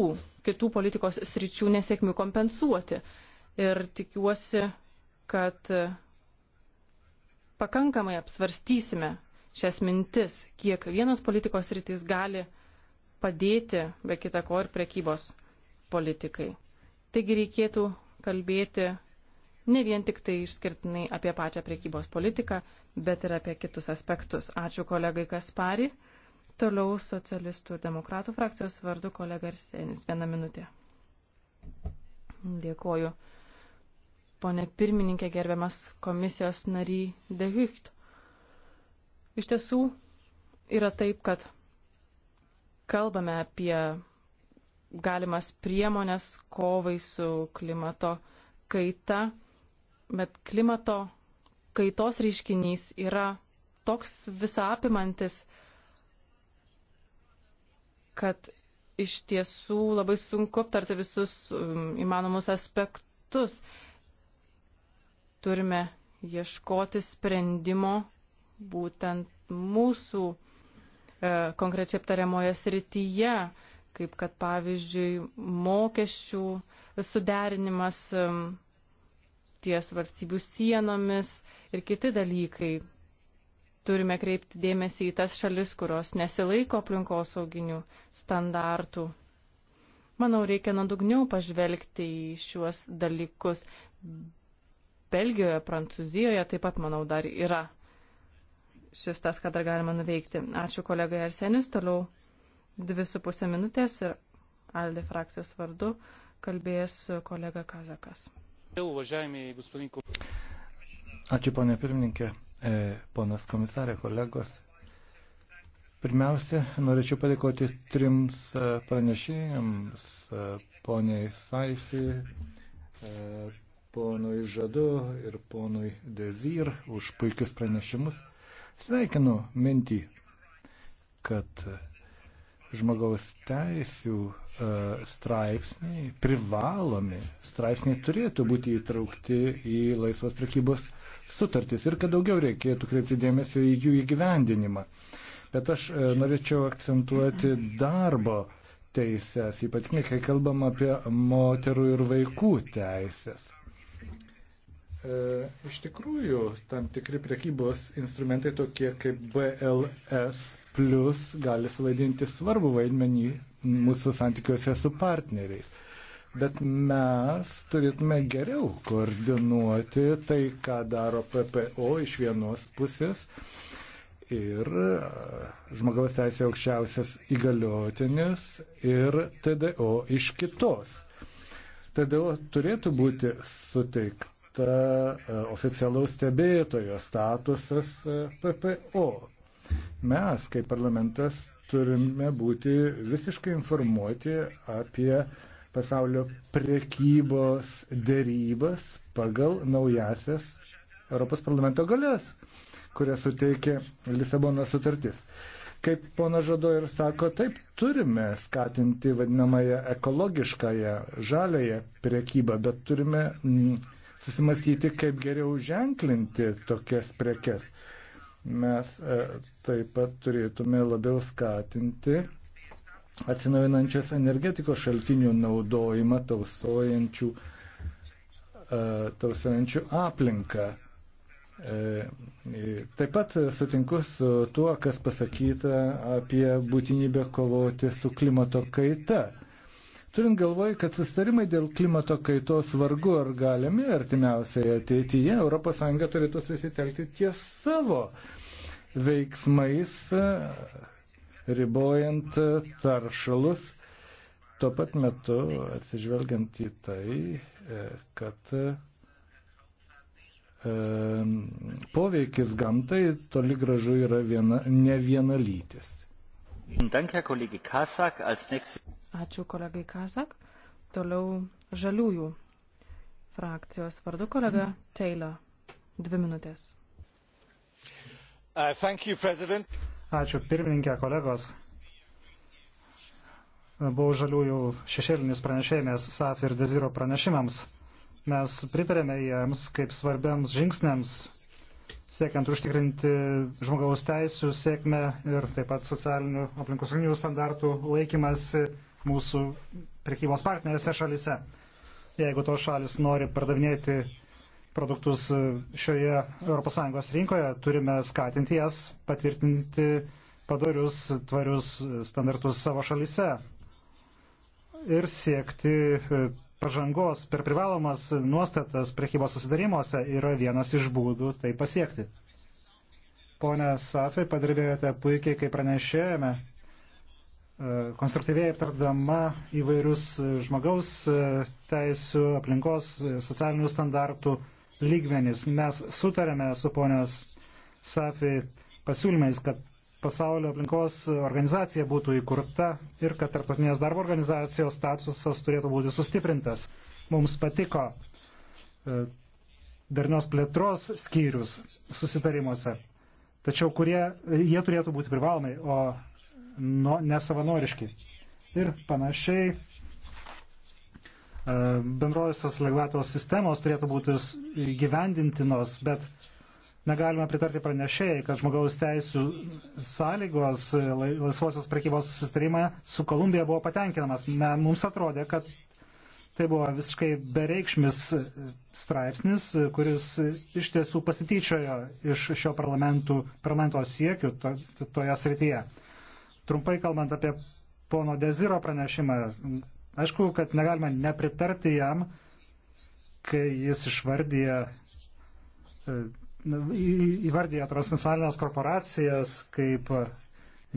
kitų politikos sričių nesėkmių kompensuoti. Ir tikiuosi, kad pakankamai apsvarstysime šias mintis, kiek vienos politikos rytis gali padėti, be kita ko, ir prekybos politikai. Taigi reikėtų kalbėti ne vien tik tai išskirtinai apie pačią prekybos politiką, bet ir apie kitus aspektus. Ačiū kolegai Kaspari. Toliau socialistų ir demokratų frakcijos vardu kolega Arsenis. Vieną minutę. Dėkoju. Pone pirmininkė, gerbiamas komisijos nary Dehucht. Iš tiesų yra taip, kad kalbame apie galimas priemonės kovai su klimato kaita, bet klimato kaitos reiškinys yra toks visapimantis, kad iš tiesų labai sunku aptarti visus um, įmanomus aspektus. Turime ieškoti sprendimo būtent mūsų e, konkrečiai aptariamoje srityje, kaip kad pavyzdžiui mokesčių suderinimas e, ties valstybių sienomis ir kiti dalykai, turime kreipti dėmesį į tas šalis, kurios nesilaiko aplinkosauginių standartų. Manau, reikia nuodugniau pažvelgti į šiuos dalykus. Belgijoje, Prancūzijoje taip pat, manau, dar yra šis tas, ką dar galima nuveikti. Ačiū kolegai Arsenis, toliau dvi su pusė minutės ir Aldi frakcijos vardu kalbės kolega Kazakas. Ačiū, ponė pirmininkė. E, ponas komisarė, kolegos. Pirmiausia, norėčiau padėkoti trims e, pranešėjams, e, poniai Saifi, ponui Žadu ir ponui Dezir už puikius pranešimus. Sveikinu mintį, kad žmogaus teisių e, straipsniai, privalomi straipsniai turėtų būti įtraukti į laisvos prekybos sutartys ir kad daugiau reikėtų kreipti dėmesio į jų įgyvendinimą. Bet aš e, norėčiau akcentuoti darbo teisės, ypatingai kai kalbam apie moterų ir vaikų teisės. E, iš tikrųjų, tam tikri prekybos instrumentai tokie kaip BLS plus gali suvaidinti svarbų vaidmenį mūsų santykiuose su partneriais. Bet mes turėtume geriau koordinuoti tai, ką daro PPO iš vienos pusės ir e, žmogaus teisė aukščiausias įgaliotinis ir TDO iš kitos. TDO turėtų būti suteikta e, oficialaus stebėtojo statusas e, PPO Mes, kaip parlamentas, turime būti visiškai informuoti apie pasaulio prekybos dėrybas pagal naujasias Europos parlamento galės, kurias suteikė Lisabono sutartis. Kaip pona Žado ir sako, taip turime skatinti vadinamąją ekologiškąją, žalėją prekybą, bet turime mm, susimastyti, kaip geriau ženklinti tokias prekes. Mes e, Taip pat turėtume labiau skatinti atsinaujinančias energetikos šaltinių naudojimą tausojančių, e, tausojančių aplinką. E, taip pat sutinku su tuo, kas pasakyta apie būtinybę kovoti su klimato kaita. Turint galvoj, kad sustarimai dėl klimato kaitos vargu ar galimi artimiausiai ateityje, ES turėtų susitelkti ties savo uh, veiksmais, e, ribojant e, taršalus, tuo pat metu atsižvelgiant į tai, e, kad poveikis gamtai toli gražu yra viena, ne vienalytis. Ačiū kolegai Kazak. Toliau žaliųjų frakcijos vardu kolega Taylor. Dvi minutės. Uh, you, Ačiū pirmininkė, kolegos. Buvau žaliųjų šešėlinis pranešėjimas SAF ir Deziro pranešimams. Mes pritarėme jiems kaip svarbiams žingsniams, siekiant užtikrinti žmogaus teisų sėkmę ir taip pat socialinių aplinkosauginių standartų laikymas mūsų prekybos partnerėse šalise. Jeigu tos šalis nori pardavinėti produktus e, šioje ES rinkoje, turime skatinti jas patvirtinti padorius, tvarius e, standartus savo šalise ir siekti e, pažangos per privalomas nuostatas prekybos susidarimuose yra vienas iš būdų tai pasiekti. Pone Safai, padirbėjote puikiai, kaip pranešėjame, konstruktyviai aptardama įvairius žmogaus teisų, aplinkos, socialinių standartų lygmenis. Mes sutarėme su ponios Safi pasiūlymais, kad pasaulio aplinkos organizacija būtų įkurta ir kad tarptautinės darbo organizacijos statusas turėtų būti sustiprintas. Mums patiko e, darnios plėtros skyrius susitarimuose, tačiau kurie, jie turėtų būti privalomai, o no, nesavanoriški. Ir panašiai E, bendrojosios lengvatos sistemos turėtų būti gyvendintinos, bet negalime pritarti pranešėjai, kad žmogaus teisų sąlygos e, laisvosios prekybos susitarimą su Kolumbija buvo patenkinamas. Mums atrodė, kad tai buvo visiškai bereikšmis e, straipsnis, kuris iš tiesų pasityčiojo iš šio parlamento siekių to, toje srityje. Trumpai kalbant apie pono Deziro pranešimą, Aišku, kad negalima nepritarti jam, kai jis išvardyja, e, įvardyja transnacionalinės korporacijas kaip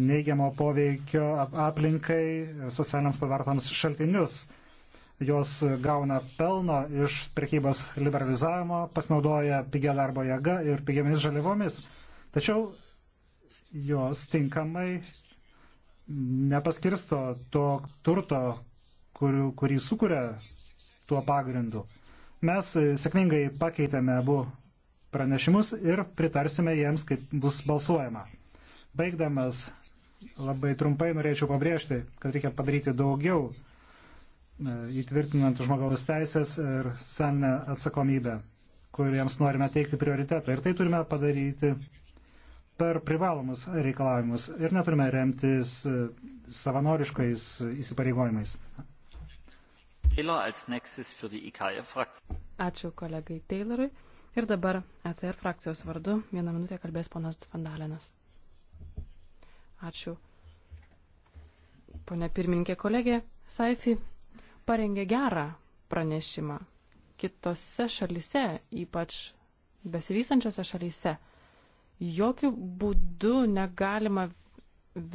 neigiamo poveikio aplinkai socialiniams standartams šaltinius. Jos gauna pelno iš prekybos liberalizavimo, pasinaudoja pigia darbo jėga ir pigiamis žalivomis. Tačiau jos tinkamai nepaskirsto to turto, kur, kurį sukuria tuo pagrindu. Mes e, sėkmingai pakeitėme abu pranešimus ir pritarsime jiems, kaip bus balsuojama. Baigdamas labai trumpai norėčiau pabrėžti, kad reikia padaryti daugiau e, įtvirtinant žmogaus teisės ir socialinę atsakomybę, kuriems norime teikti prioritetą. Ir tai turime padaryti per privalomus reikalavimus ir neturime remtis e, savanoriškais įsipareigojimais. Ačiū kolegai Taylorui. Ir dabar ECR frakcijos vardu vieną minutę kalbės ponas Vandalinas. Ačiū. Pone pirmininkė kolegė Saifi parengė gerą pranešimą. Kitose šalise, ypač besivystančiose šalise, jokių būdų negalima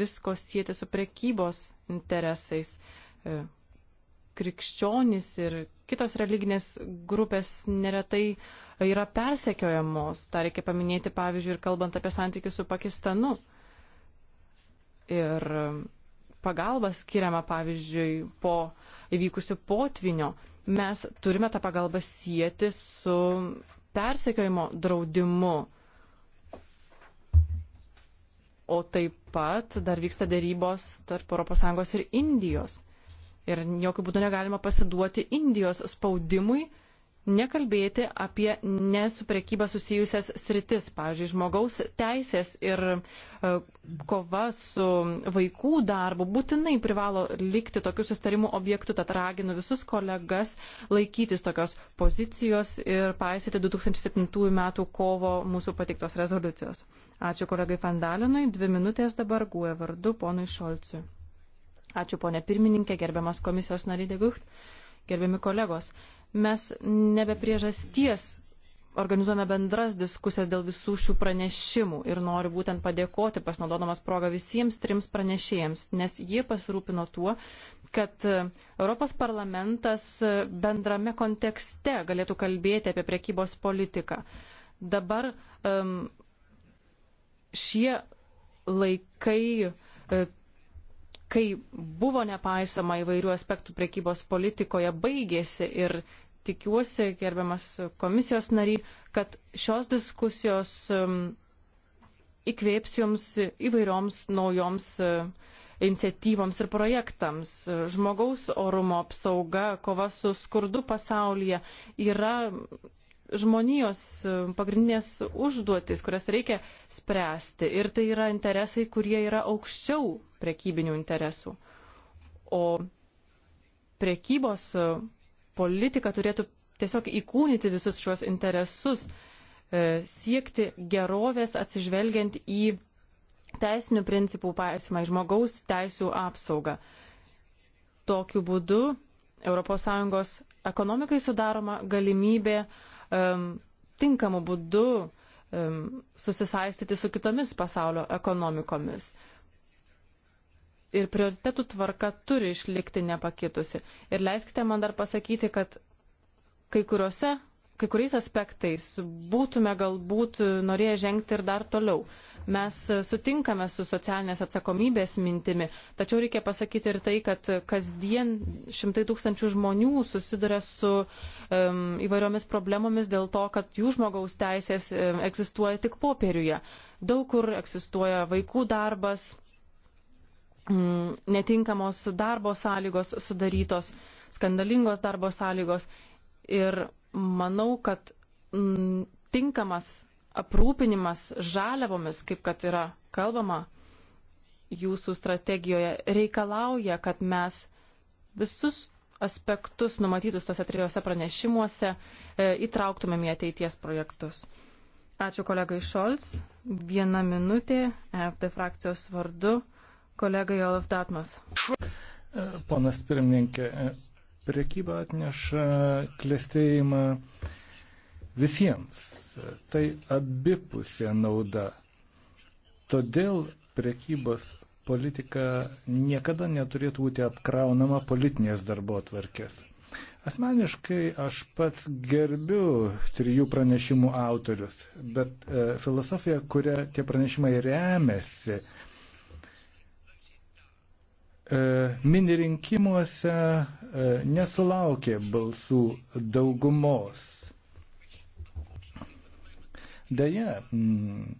visko sieti su prekybos interesais, e, krikščionys ir kitos religinės grupės neretai yra persekiojamos. Ta reikia paminėti, pavyzdžiui, ir kalbant apie santykius su Pakistanu. Ir pagalba skiriama, pavyzdžiui, po įvykusių potvinio. Mes turime tą pagalbą sieti su persekiojimo draudimu. O taip pat dar vyksta dėrybos tarp ES ir Indijos Ir jokių būdų negalima pasiduoti Indijos spaudimui nekalbėti apie nesu prekyba susijusias sritis, pavyzdžiui, žmogaus teisės ir e, kova su vaikų darbu būtinai privalo likti tokių sustarimų objektų, tad raginu visus kolegas laikytis tokios pozicijos ir paisyti 2007 metų kovo mūsų pateiktos rezoliucijos. Ačiū kolegai Fandalinui, dvi minutės dabar guoja vardu ponui Šolciui. Ačiū ponė pirmininkė, gerbiamas komisijos nariai Degucht, gerbiami kolegos. Mes nebe priežasties organizuojame bendras diskusijas dėl visų šių pranešimų ir noriu būtent padėkoti, pasinaudodamas progą visiems trims pranešėjams, nes jie pasirūpino tuo, kad Europos parlamentas bendrame kontekste galėtų kalbėti apie priekybos politiką. Dabar um, šie laikai e, kai buvo nepaisama įvairių aspektų prekybos politikoje, baigėsi ir tikiuosi, gerbiamas komisijos nary, kad šios diskusijos um, įkvėps jums įvairioms naujoms uh, iniciatyvoms ir projektams. Žmogaus orumo apsauga, kova su skurdu pasaulyje yra žmonijos e, pagrindinės užduotis, kurias reikia spręsti. Ir tai yra interesai, kurie yra aukščiau prekybinių interesų. O prekybos e, politika turėtų tiesiog įkūnyti visus šiuos interesus, e, siekti gerovės atsižvelgiant į teisinių principų paėsimą, į žmogaus teisų apsaugą. Tokiu būdu ES ekonomikai sudaroma galimybė uh, um, tinkamu būdu um, susisaistyti su kitomis pasaulio ekonomikomis. Ir prioritetų tvarka turi išlikti nepakitusi. Ir leiskite man dar pasakyti, kad kai kuriuose kai kuriais aspektais būtume galbūt norėję žengti ir dar toliau. Mes sutinkame su socialinės atsakomybės mintimi, tačiau reikia pasakyti ir tai, kad kasdien šimtai tūkstančių žmonių susiduria su um, įvairiomis problemomis dėl to, kad jų žmogaus teisės um, egzistuoja tik popieriuje. Daug kur egzistuoja vaikų darbas, um, netinkamos darbo sąlygos sudarytos, skandalingos darbo sąlygos. Ir manau, kad tinkamas aprūpinimas žaliavomis, kaip kad yra kalbama jūsų strategijoje, reikalauja, kad mes visus aspektus numatytus tose trijose pranešimuose e, įtrauktumėm į ateities projektus. Ačiū kolegai Šolts. Viena minutė e FD frakcijos vardu kolegai Olaf Datmas. E, ponas pirmininkė, e, priekyba atneša klėstėjimą visiems. Tai abipusė nauda. Todėl prekybos politika niekada neturėtų būti apkraunama politinės darbo atvarkės. Asmeniškai aš pats gerbiu trijų pranešimų autorius, bet e, filosofija, kuria tie pranešimai remiasi, e, mini rinkimuose e, nesulaukė balsų daugumos. Deja, mm,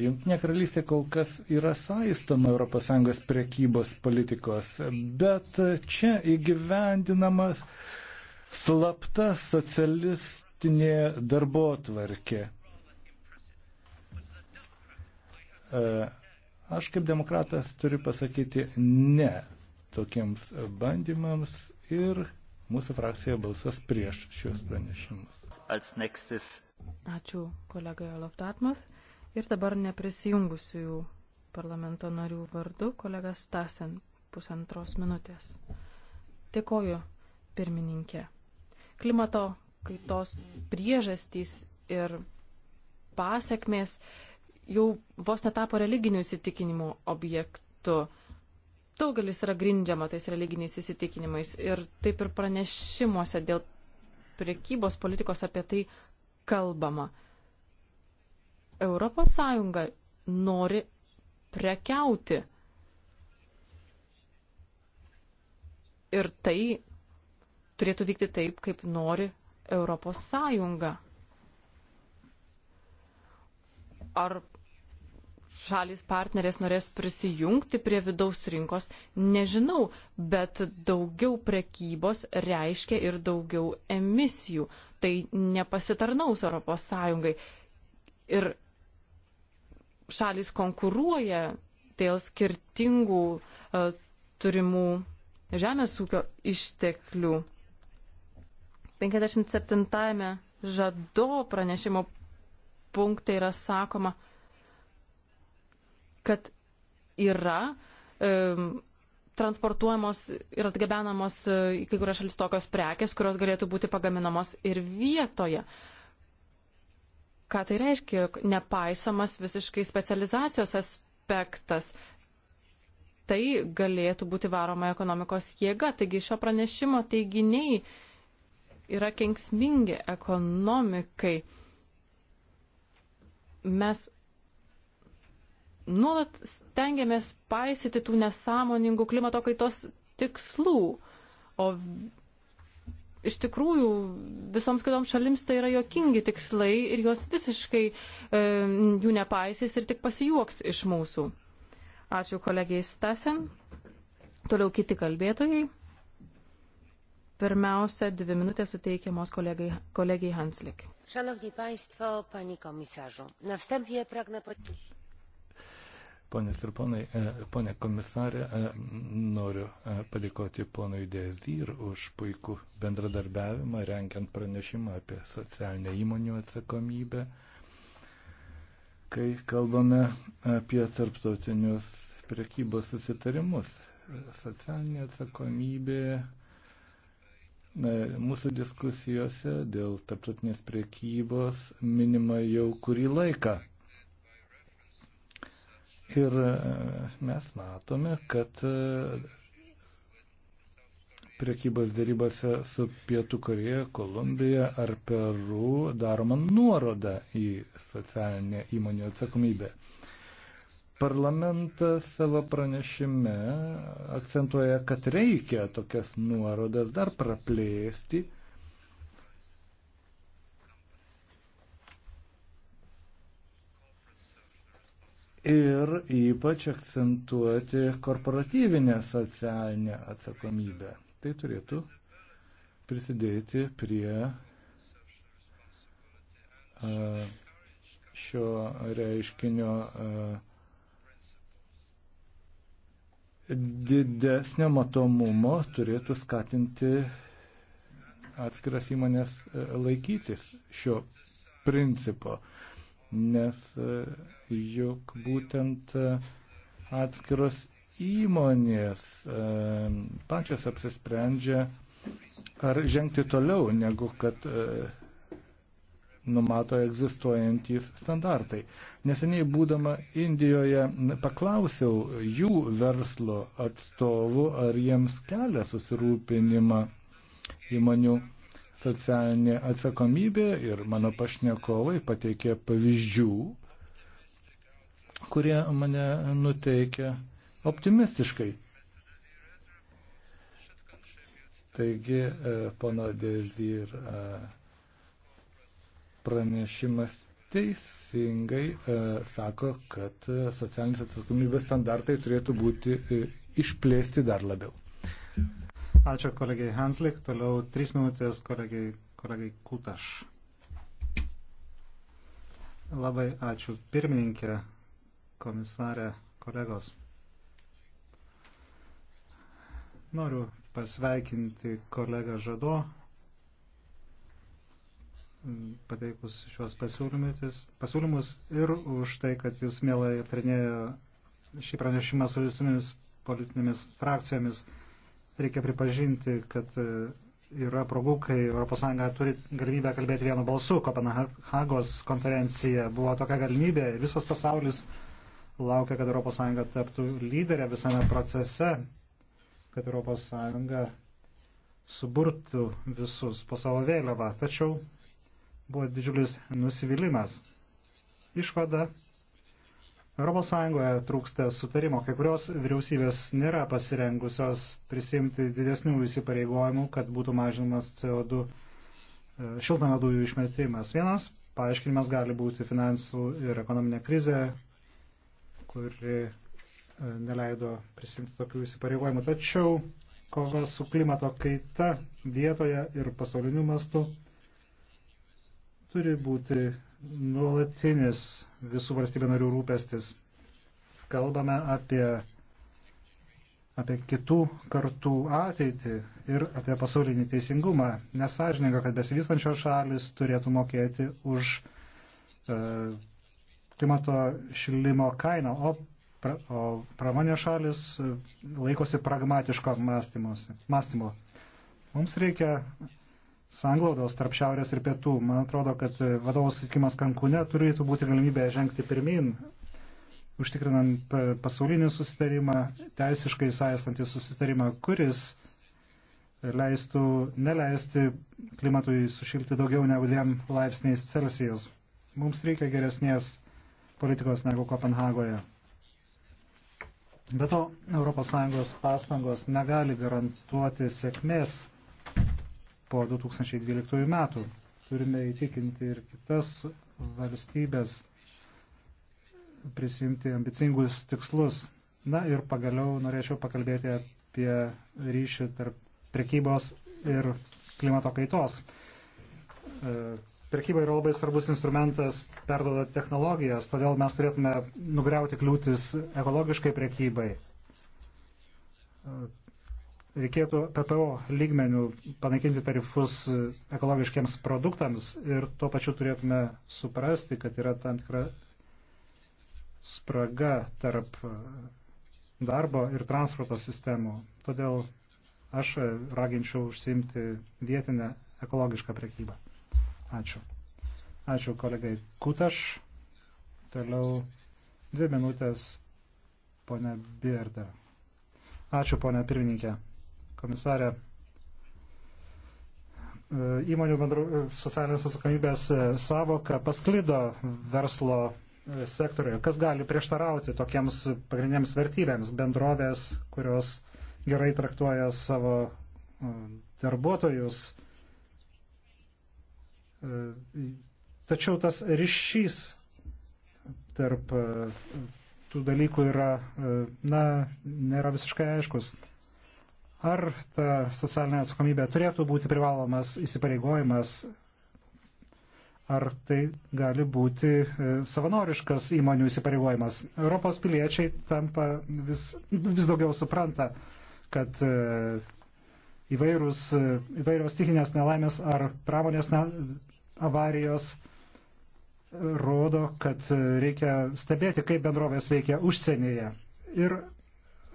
Junktinė karalystė kol kas yra saistoma ES priekybos politikos, bet čia įgyvendinama slapta socialistinė darbo tvarkė. E, aš kaip demokratas turiu pasakyti ne tokiems bandymams ir mūsų frakcija balsas prieš šios pranešimus. Ačiū kolegai Olaf Datmas. Ir dabar neprisijungusiųjų parlamento narių vardu kolega Stasen pusantros minutės. Dėkoju, pirmininkė. Klimato kaitos priežastys ir pasiekmės jau vos netapo religinių įsitikinimų objektu. Daugelis yra grindžiama tais religiniais įsitikinimais ir taip ir pranešimuose dėl priekybos politikos apie tai kalbama. ES nori prekiauti. Ir tai turėtų vykti taip, kaip nori ES. Ar šalis partnerės norės prisijungti prie vidaus rinkos, nežinau, bet daugiau prekybos reiškia ir daugiau emisijų tai nepasitarnaus Europos Sąjungai. Ir šalis konkuruoja dėl skirtingų uh, turimų žemės ūkio išteklių. 57-ame žado pranešimo punkte yra sakoma, kad yra um, transportuojamos ir atgabenamos e, į kai kurias šalis tokios prekes, kurios galėtų būti pagaminamos ir vietoje. Ką tai reiškia, jog nepaisomas visiškai specializacijos aspektas. Tai galėtų būti varoma ekonomikos jėga. Taigi šio pranešimo teiginiai yra kenksmingi ekonomikai. Mes nuolat stengiamės paisyti tų nesąmoningų klimato kaitos tikslų, o iš tikrųjų visoms kitoms šalims tai yra jokingi tikslai ir jos visiškai e, jų nepaisys ir tik pasijuoks iš mūsų. Ačiū kolegijai Stasen. Toliau kiti kalbėtojai. Pirmiausia, dvi minutės suteikiamos kolegai, kolegijai Hanslik. Szanowni Państwo, Panie Komisarzu, na wstępie pragnę podziękować. Ponės ir ponai, e, ponė komisarė, e, noriu e, padėkoti ponui Dezir už puikų bendradarbiavimą, renkiant pranešimą apie socialinę įmonių atsakomybę. Kai kalbame apie tarptautinius prekybos susitarimus, socialinė atsakomybė mūsų diskusijose dėl tarptautinės priekybos minima jau kurį laiką. Ir e, mes matome, kad e, priekybos dėrybose su Pietų Koreja, Kolumbija ar Peru daroma nuoroda į socialinę įmonių atsakomybę. Parlamentas savo pranešime akcentuoja, kad reikia tokias nuorodas dar praplėsti ir ypač akcentuoti korporatyvinę socialinę atsakomybę. Tai turėtų prisidėti prie šio reiškinio didesnio matomumo turėtų skatinti atskiras įmonės laikytis šio principo nes e, juk būtent e, atskiros įmonės e, pačios apsisprendžia, ar žengti toliau, negu kad numato egzistuojantys standartai. Neseniai būdama Indijoje paklausiau jų verslo atstovų, ar jiems kelia susirūpinimą įmonių socialinė atsakomybė ir mano pašnekovai pateikė pavyzdžių, kurie mane nuteikia optimistiškai. Taigi, e, pono Dezir e, pranešimas teisingai e, sako, kad socialinės atsakomybės standartai turėtų būti išplėsti dar labiau. Ačiū kolegiai Hanslik. Toliau trys minutės kolegiai, kolegiai Kutaš. Labai ačiū pirmininkė, komisarė, kolegos. Noriu pasveikinti kolegą Žado, pateikus šios pasiūlymus ir už tai, kad jūs mielai aptarinėjo šį pranešimą su visomis politinėmis frakcijomis reikia pripažinti, kad e, yra progų, kai ES turi galimybę kalbėti vienu balsu. Kopenhagos konferencija buvo tokia galimybė ir visas pasaulis laukia, kad ES taptų lyderę visame procese, kad ES suburtų visus po savo vėliavą. Tačiau buvo didžiulis nusivylimas. Išvada ES trūksta sutarimo. Kai kurios vyriausybės nėra pasirengusios prisimti didesnių įsipareigojimų, kad būtų mažinamas CO2 e, šiltnamio dujų išmetimas. Vienas paaiškinimas gali būti finansų ir ekonominė krizė, kuri e, neleido prisimti tokių įsipareigojimų. Tačiau kova su klimato kaita vietoje ir pasauliniu mastu turi būti nuolatinis visų valstybė narių rūpestis. Kalbame apie, apie kitų kartų ateitį ir apie pasaulinį teisingumą. Nesažininga, kad besivystančios šalis turėtų mokėti už e, klimato šilimo kainą, o, pra, o pramonė šalis e, laikosi pragmatiško mąstymo. Mums reikia sanglaudos tarp šiaurės ir pietų. Man atrodo, kad vadovų susitikimas Kankūne turėtų būti galimybė žengti pirmin, užtikrinant pasaulinį susitarimą, teisiškai sąjastantį susitarimą, kuris leistų neleisti klimatui sušilti daugiau negu 2 laipsniais Celsijos. Mums reikia geresnės politikos negu Kopenhagoje. Be to, ES pastangos negali garantuoti sėkmės po 2012 metų. Turime įtikinti ir kitas valstybės prisimti ambicingus tikslus. Na ir pagaliau norėčiau pakalbėti apie ryšį tarp prekybos ir klimato kaitos. E, prekyba yra labai svarbus instrumentas perdoda technologijas, todėl mes turėtume nugriauti kliūtis ekologiškai prekybai e, reikėtų PPO lygmenių panaikinti tarifus e, ekologiškiams produktams ir tuo pačiu turėtume suprasti, kad yra tam tikra spraga tarp e, darbo ir transporto sistemų. Todėl aš e, raginčiau užsimti vietinę ekologišką prekybą. Ačiū. Ačiū kolegai Kutaš. Toliau dvi minutės, ponia Birda. Ačiū, ponia pirmininkė komisarė. E, įmonių bendru, e, socialinės atsakomybės e, savoka pasklido verslo sektoriuje. Kas gali prieštarauti tokiems pagrindiniams vertybėms bendrovės, kurios gerai traktuoja savo darbuotojus. Tačiau tas ryšys tarp tų dalykų yra, na, nėra visiškai aiškus. Ar ta socialinė atsakomybė turėtų būti privalomas įsipareigojimas, ar tai gali būti e, savanoriškas įmonių įsipareigojimas? Europos piliečiai tampa vis, vis daugiau supranta, kad e, įvairūs, e, įvairios stichinės nelaimės ar pramonės ne, avarijos rodo, kad reikia stebėti, kaip bendrovės veikia užsienyje. Ir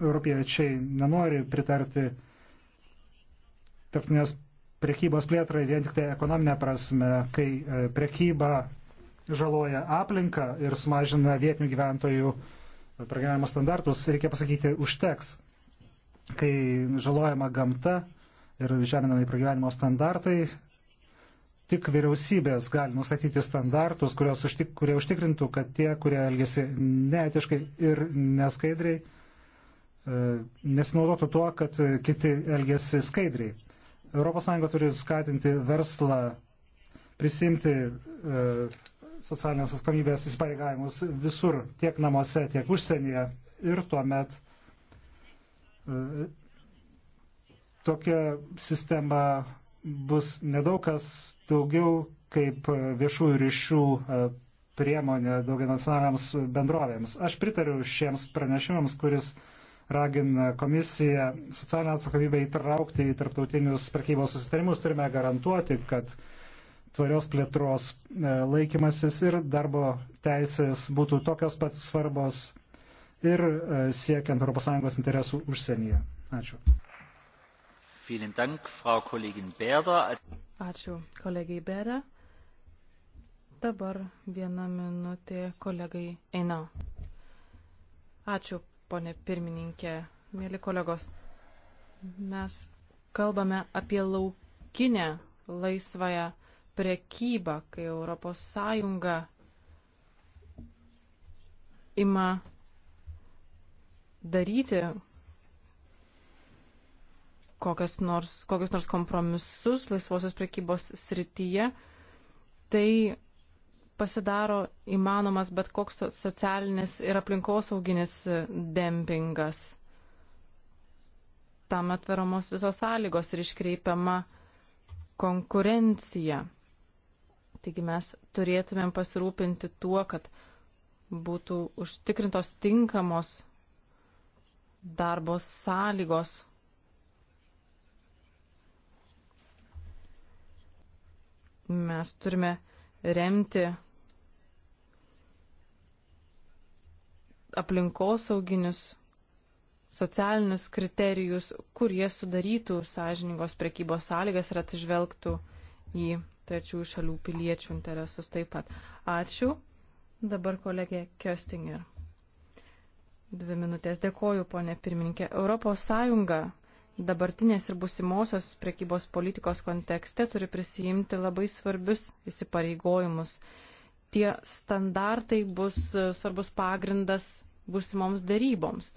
europiečiai nenori pritarti tarptautinės prekybos plėtrai vien tik tai ekonominė prasme, kai e, prekyba žaloja aplinką ir sumažina vietinių gyventojų pragyvenimo standartus, reikia pasakyti, užteks. Kai žalojama gamta ir žeminami pragyvenimo standartai, tik vyriausybės gali nustatyti standartus, užtik, kurie užtikrintų, kad tie, kurie elgesi neetiškai ir neskaidriai, E, nesinaudotų tuo, kad kiti elgesi skaidriai. ES turi skatinti verslą prisimti e, socialinės atsakomybės įsipareigavimus visur, tiek namuose, tiek užsienyje. Ir tuomet e, tokia sistema bus nedaug kas daugiau kaip viešųjų ryšių priemonė daugianacionaliams bendrovėms. Aš pritariu šiems pranešimams, kuris ragina komisiją socialinę atsakomybę įtraukti į tarptautinius prekybos susitarimus, turime garantuoti, kad tvarios plėtros e, laikymasis ir darbo teisės būtų tokios pat svarbos ir e, siekiant ES interesų užsienyje. Ačiū. Ačiū kolegijai Bėda. Dabar viena minutė kolegai Eina. Ačiū ponė pirmininkė, mėly kolegos. Mes kalbame apie laukinę laisvąją prekybą, kai Europos Sąjunga ima daryti kokias nors, kokius nors kompromisus laisvosios prekybos srityje, tai pasidaro įmanomas bet koks socialinis ir aplinkosauginis e, dempingas. Tam atveramos visos sąlygos ir iškreipiama konkurencija. Taigi mes turėtumėm pasirūpinti tuo, kad būtų užtikrintos tinkamos darbo sąlygos. Mes turime remti aplinkosauginius, socialinius kriterijus, kurie sudarytų sąžiningos prekybos sąlygas ir atsižvelgtų į trečiųjų šalių piliečių interesus taip pat. Ačiū. Dabar kolegė Köstinger. Dvi minutės. Dėkoju, ponė pirmininkė. Europos Sąjunga dabartinės ir busimosios prekybos politikos kontekste turi prisijimti labai svarbius įsipareigojimus tie standartai bus e, svarbus pagrindas būsimoms daryboms.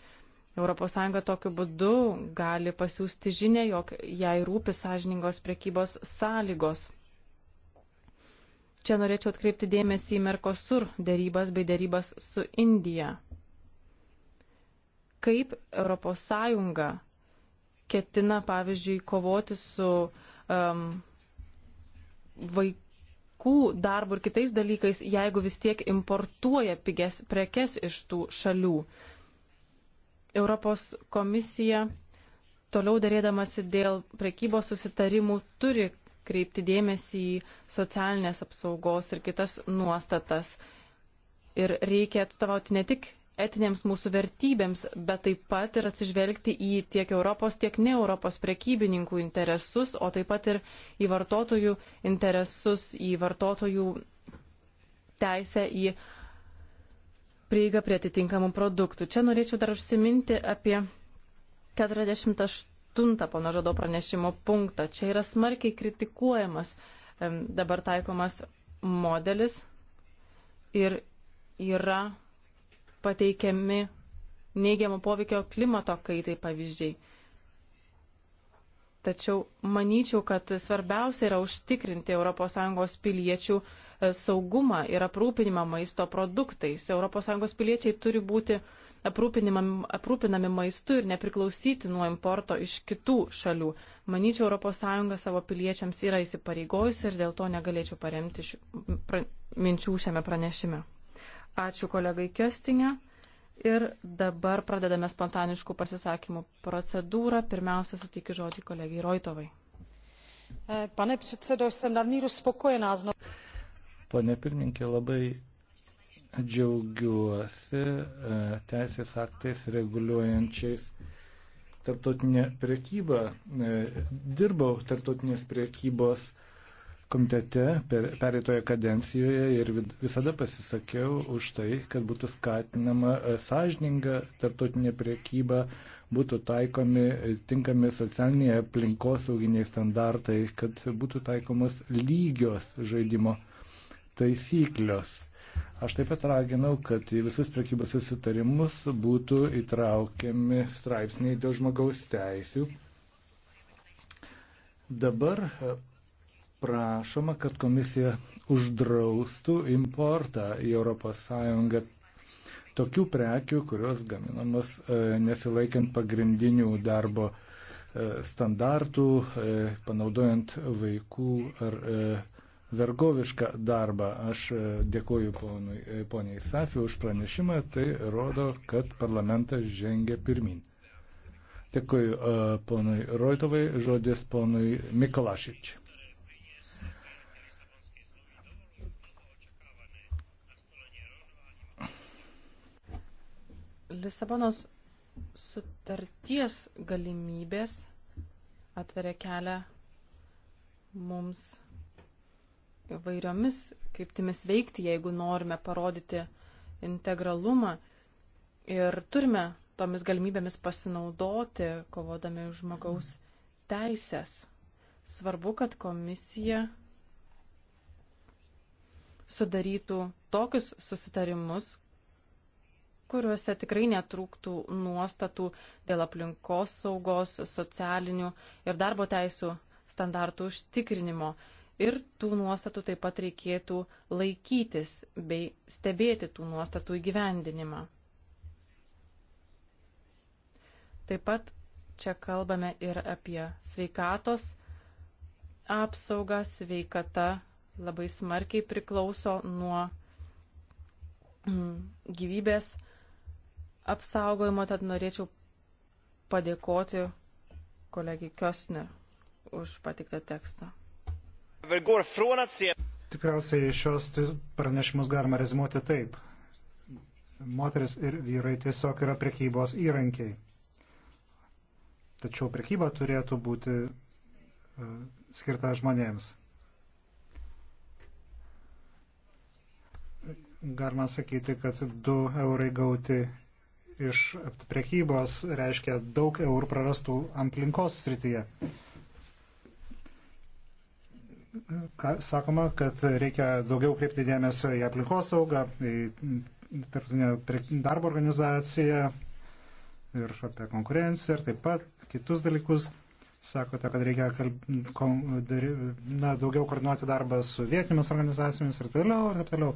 ES tokiu būdu gali pasiūsti žinę, jog jai rūpi sąžiningos prekybos sąlygos. Čia norėčiau atkreipti dėmesį į Merkosur dėrybas bei dėrybas su Indija. Kaip ES ketina, pavyzdžiui, kovoti su um, vaik, vaikų darbu ir kitais dalykais, jeigu vis tiek importuoja pigias prekes iš tų šalių. Europos komisija toliau darėdamasi dėl prekybos susitarimų turi kreipti dėmesį į socialinės apsaugos ir kitas nuostatas. Ir reikia atstovauti ne tik etinėms mūsų vertybėms, bet taip pat ir atsižvelgti į tiek Europos, tiek ne Europos prekybininkų interesus, o taip pat ir į vartotojų interesus, į vartotojų teisę į prieigą prie atitinkamų produktų. Čia norėčiau dar užsiminti apie 48 pono žado pranešimo punktą. Čia yra smarkiai kritikuojamas dabar taikomas modelis ir yra pateikiami neigiamo poveikio klimato kaitai pavyzdžiai. Tačiau manyčiau, kad svarbiausia yra užtikrinti ES piliečių e, saugumą ir aprūpinimą maisto produktais. ES piliečiai turi būti aprūpinami maistu ir nepriklausyti nuo importo iš kitų šalių. Manyčiau, ES savo piliečiams yra įsipareigojusi ir dėl to negalėčiau paremti šių, pra, minčių šiame pranešime. Ačiū kolegai Kestinė. Ir dabar pradedame spontaniškų pasisakymų procedūrą. Pirmiausia, suteikiu žodį kolegijai Roitovai. E, pane předsedo, jsem nadmíru spokojená znovu. Pane pirmininkė, labai džiaugiuosi e, teisės aktais reguliuojančiais tarptautinę priekybą. E, dirbau tarptautinės priekybos komitete per, pereitoje kadencijoje ir visada pasisakiau už tai, kad būtų skatinama e, sąžininga tarptautinė priekyba, būtų taikomi e, tinkami socialiniai aplinkosauginiai standartai, kad būtų taikomos lygios žaidimo taisyklios. Aš taip pat raginau, kad į visus prekybos susitarimus būtų įtraukiami straipsniai dėl žmogaus teisių. Dabar e, prašoma, kad komisija uždraustų importą į ES tokių prekių, kurios gaminamos e, nesilaikant pagrindinių darbo e, standartų, e, panaudojant vaikų ar vergovišką darbą. Aš dėkoju ponui, poniai Safi už pranešimą, tai rodo, kad parlamentas žengia pirmin. Dėkoju ponui Roitovai, žodis ponui Mikolašičiui. Lisabonos sutarties galimybės atveria kelią mums įvairiomis kryptimis veikti, jeigu norime parodyti integralumą ir turime tomis galimybėmis pasinaudoti, kovodami už žmogaus teisės. Svarbu, kad komisija sudarytų tokius susitarimus, kuriuose tikrai netrūktų nuostatų dėl aplinkos saugos, socialinių ir darbo teisų standartų užtikrinimo. Ir tų nuostatų taip pat reikėtų laikytis bei stebėti tų nuostatų įgyvendinimą. Taip pat čia kalbame ir apie sveikatos apsaugą. Sveikata labai smarkiai priklauso nuo gyvybės apsaugojimo, tad norėčiau padėkoti kolegį Kiosner už patiktą tekstą. Tikriausiai šios pranešimus galima rezimuoti taip. Moteris ir vyrai tiesiog yra prekybos įrankiai. Tačiau prekyba turėtų būti e, skirta žmonėms. Galima sakyti, kad 2 eurai gauti iš prekybos reiškia daug eurų prarastų aplinkos srityje. Sakoma, kad reikia daugiau kreipti dėmesio į aplinkosaugą, į tarptautinę darbo organizaciją ir apie konkurenciją ir taip pat kitus dalykus. Sakote, kad reikia kalb... kom... dar... na, daugiau koordinuoti darbą su vietinėmis organizacijomis ir toliau ir taip toliau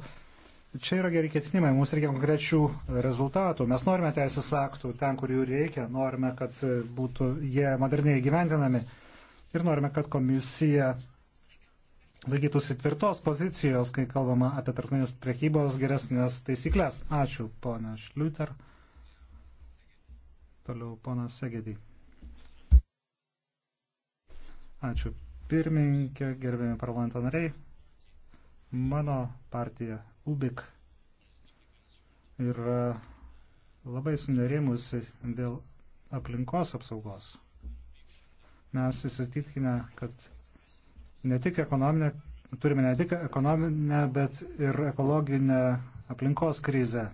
čia yra geri ketinimai, mums reikia konkrečių rezultatų. Mes norime teisės aktų ten, kur jų reikia, norime, kad būtų jie moderniai gyvendinami ir norime, kad komisija laikytųsi tvirtos pozicijos, kai kalbama apie tarptautinės priekybos geresnės taisyklės. Ačiū, ponia Šliuter. Toliau, ponas Segedį. Ačiū, pirmininkė, gerbėjami parlamento nariai. Mano partija Ubik yra labai sunerimusi dėl aplinkos apsaugos. Mes įsitikinę, kad ne tik ekonominė, turime ne tik ekonominę, bet ir ekologinę aplinkos krizę.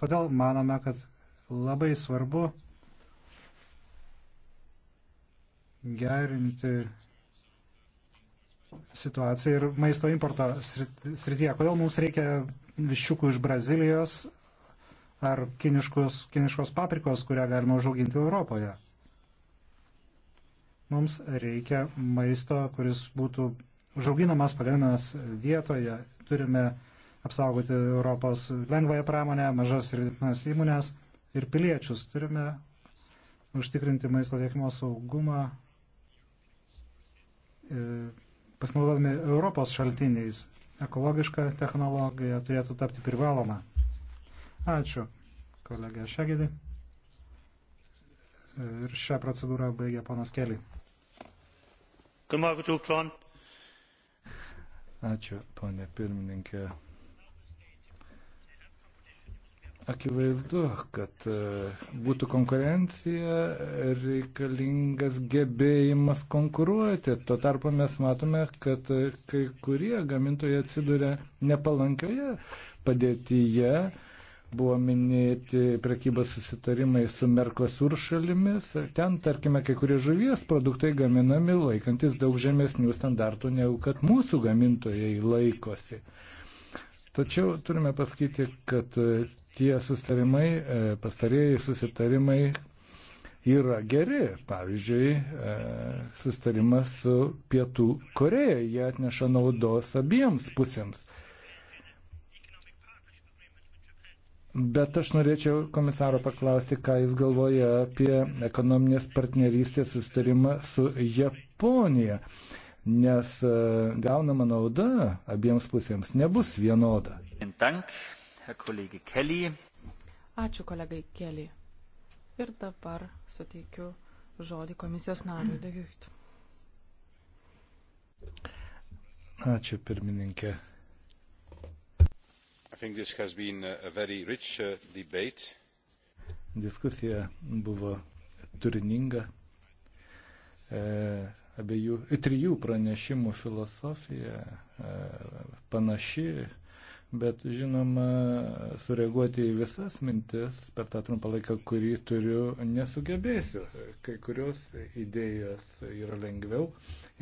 Todėl manome, kad labai svarbu gerinti situaciją ir maisto importo srityje. Kodėl mums reikia viščiukų iš Brazilijos ar kiniškos, kiniškos paprikos, kurią galima užauginti Europoje? Mums reikia maisto, kuris būtų užauginamas, pagaminamas vietoje. Turime apsaugoti Europos lengvąją pramonę, mažas ir vidutinės įmonės ir piliečius. Turime užtikrinti maisto tiekimo saugumą. E, pasinaudodami Europos šaltiniais. Ekologiška technologija turėtų tapti privaloma. Ačiū, kolegė Šegidį. Ir šią procedūrą baigė ponas Kelly. Ačiū, ponė pirmininkė. Akivaizdu, kad e, būtų konkurencija, reikalingas gebėjimas konkuruoti. Tuo tarpu mes matome, kad e, kai kurie gamintojai atsiduria nepalankioje padėtyje. Buvo minėti prekybos susitarimai su Merkosur šalimis. Ten, tarkime, kai kurie žuvies produktai gaminami laikantis daug žemesnių standartų, negu kad mūsų gamintojai laikosi. Uh, Tačiau turime pasakyti, kad e, tie susitarimai, e, pastarėjai susitarimai yra geri. Pavyzdžiui, e, susitarimas su Pietų Koreja, jie atneša naudos abiems pusėms. Bet aš norėčiau komisaro paklausti, ką jis galvoja apie ekonominės partnerystės susitarimą su Japonija nes e, gaunama nauda abiems pusėms nebus vienoda. Ačiū kolegai Kelly. Ir dabar suteikiu žodį komisijos nariui Degiucht. Ačiū pirmininkė. Rich, uh, Diskusija buvo turininga. E, abiejų, trijų pranešimų filosofija e, panaši, bet žinoma, sureaguoti į visas mintis per tą trumpą laiką, kurį turiu, nesugebėsiu. Kai kurios idėjos yra lengviau,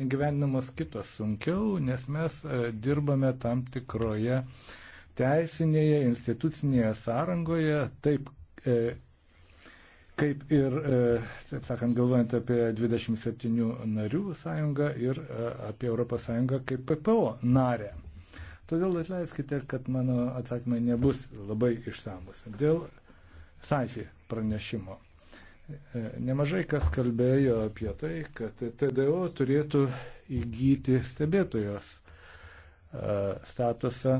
įgyvendinamos kitos sunkiau, nes mes e, dirbame tam tikroje teisinėje, institucinėje sąrangoje, taip e, kaip ir, e, taip sakant, galvojant apie 27 narių sąjungą ir e, apie Europos sąjungą kaip PPO narę. Todėl atleiskite, kad mano atsakymai nebus labai išsamus. Dėl Saifi pranešimo. E, nemažai kas kalbėjo apie tai, kad TDO turėtų įgyti stebėtojos statusą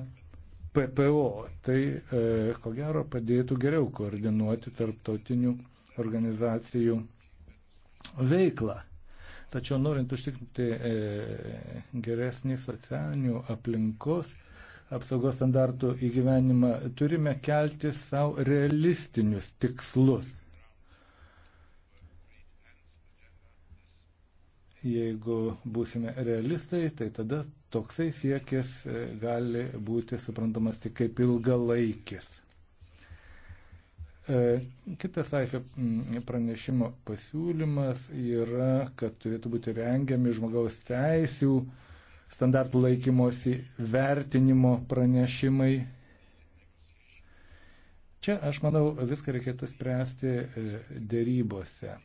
PPO. Tai ko gero padėtų geriau koordinuoti tarptautinių organizacijų veiklą. Tačiau norint užtikrinti e, geresnį socialinių aplinkos apsaugos standartų įgyvenimą, turime kelti savo realistinius tikslus. Jeigu būsime realistai, tai tada toksai siekis e, gali būti suprantamas tik kaip ilgalaikis. E, kitas AIFE mm, pranešimo pasiūlymas yra, kad turėtų būti rengiami žmogaus teisių standartų laikymosi vertinimo pranešimai. Čia, aš manau, viską reikėtų spręsti e, dėrybose.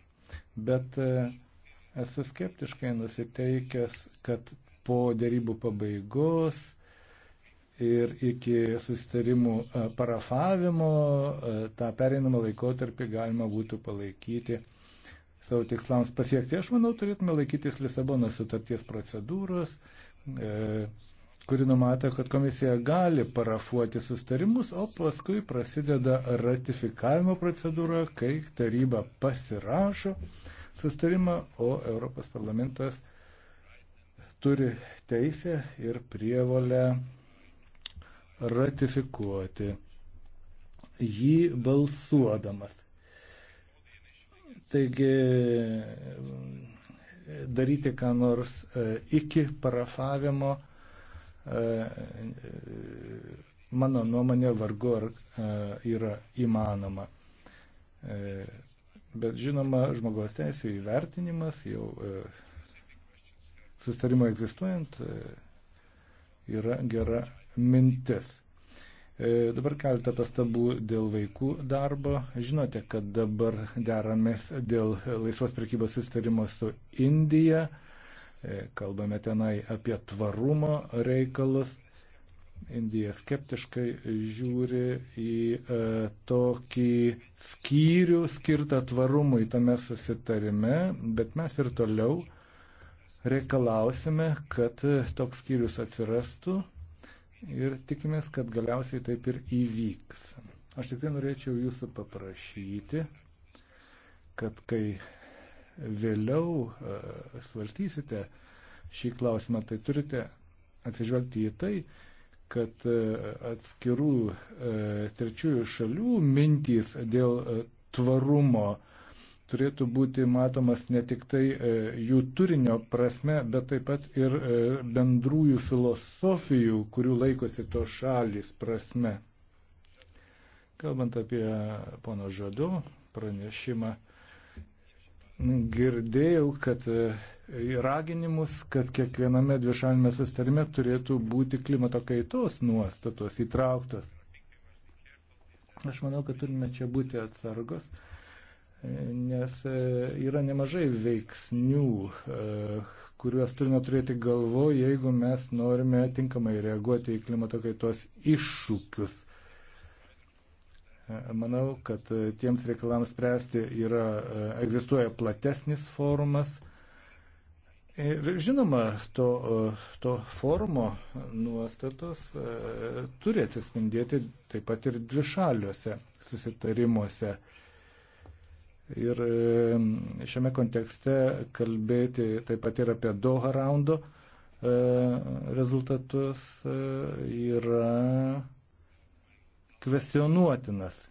Bet e, esu skeptiškai nusiteikęs, kad po dėrybų pabaigos ir iki susitarimų e, parafavimo e, tą pereinamą laikotarpį galima būtų palaikyti savo tikslams pasiekti. Aš manau, turėtume laikytis Lisabono sutarties procedūros, e, kuri numato, kad komisija gali parafuoti sustarimus, o paskui prasideda ratifikavimo procedūra, kai taryba pasirašo sustarimą, o Europos parlamentas turi teisę ir prievolę ratifikuoti jį balsuodamas. Taigi daryti ką nors e, iki parafavimo, e, e, mano nuomonė vargu ar yra įmanoma. Bet žinoma, žmogaus teisų įvertinimas jau sustarimo egzistuojant yra gera mintis. E, dabar keletą pastabų dėl vaikų darbo. Žinote, kad dabar deramės dėl laisvos prekybos sustarimo su Indija. E, kalbame tenai apie tvarumo reikalus. Indija skeptiškai žiūri į e, tokį skyrių skirtą tvarumui tame susitarime, bet mes ir toliau reikalausime, kad toks skyrius atsirastų ir tikimės, kad galiausiai taip ir įvyks. Aš tik tai norėčiau jūsų paprašyti, kad kai vėliau e, svarstysite šį klausimą, tai turite atsižvelgti į tai, kad e, atskirų e, trečiųjų šalių mintys dėl tvarumo turėtų būti matomas ne tik tai e, jų turinio prasme, bet taip pat ir e, bendrųjų filosofijų, kurių laikosi to šalis prasme. Kalbant apie pono Žadu pranešimą, girdėjau, kad e, raginimus, kad kiekviename dvišalime sustarime turėtų būti klimato kaitos nuostatos įtrauktos. Aš manau, kad turime čia būti atsargos nes e, yra nemažai veiksnių, e, kuriuos turime turėti galvo, jeigu mes norime tinkamai reaguoti į klimato kaitos iššūkius. E, manau, kad tiems reikalams spręsti yra, egzistuoja platesnis forumas. Ir žinoma, to, to forumo nuostatos turi atsispindėti taip pat ir dvišaliuose susitarimuose. Ir e, šiame kontekste kalbėti taip pat ir apie Doha raundo e, rezultatus e, yra kvestionuotinas.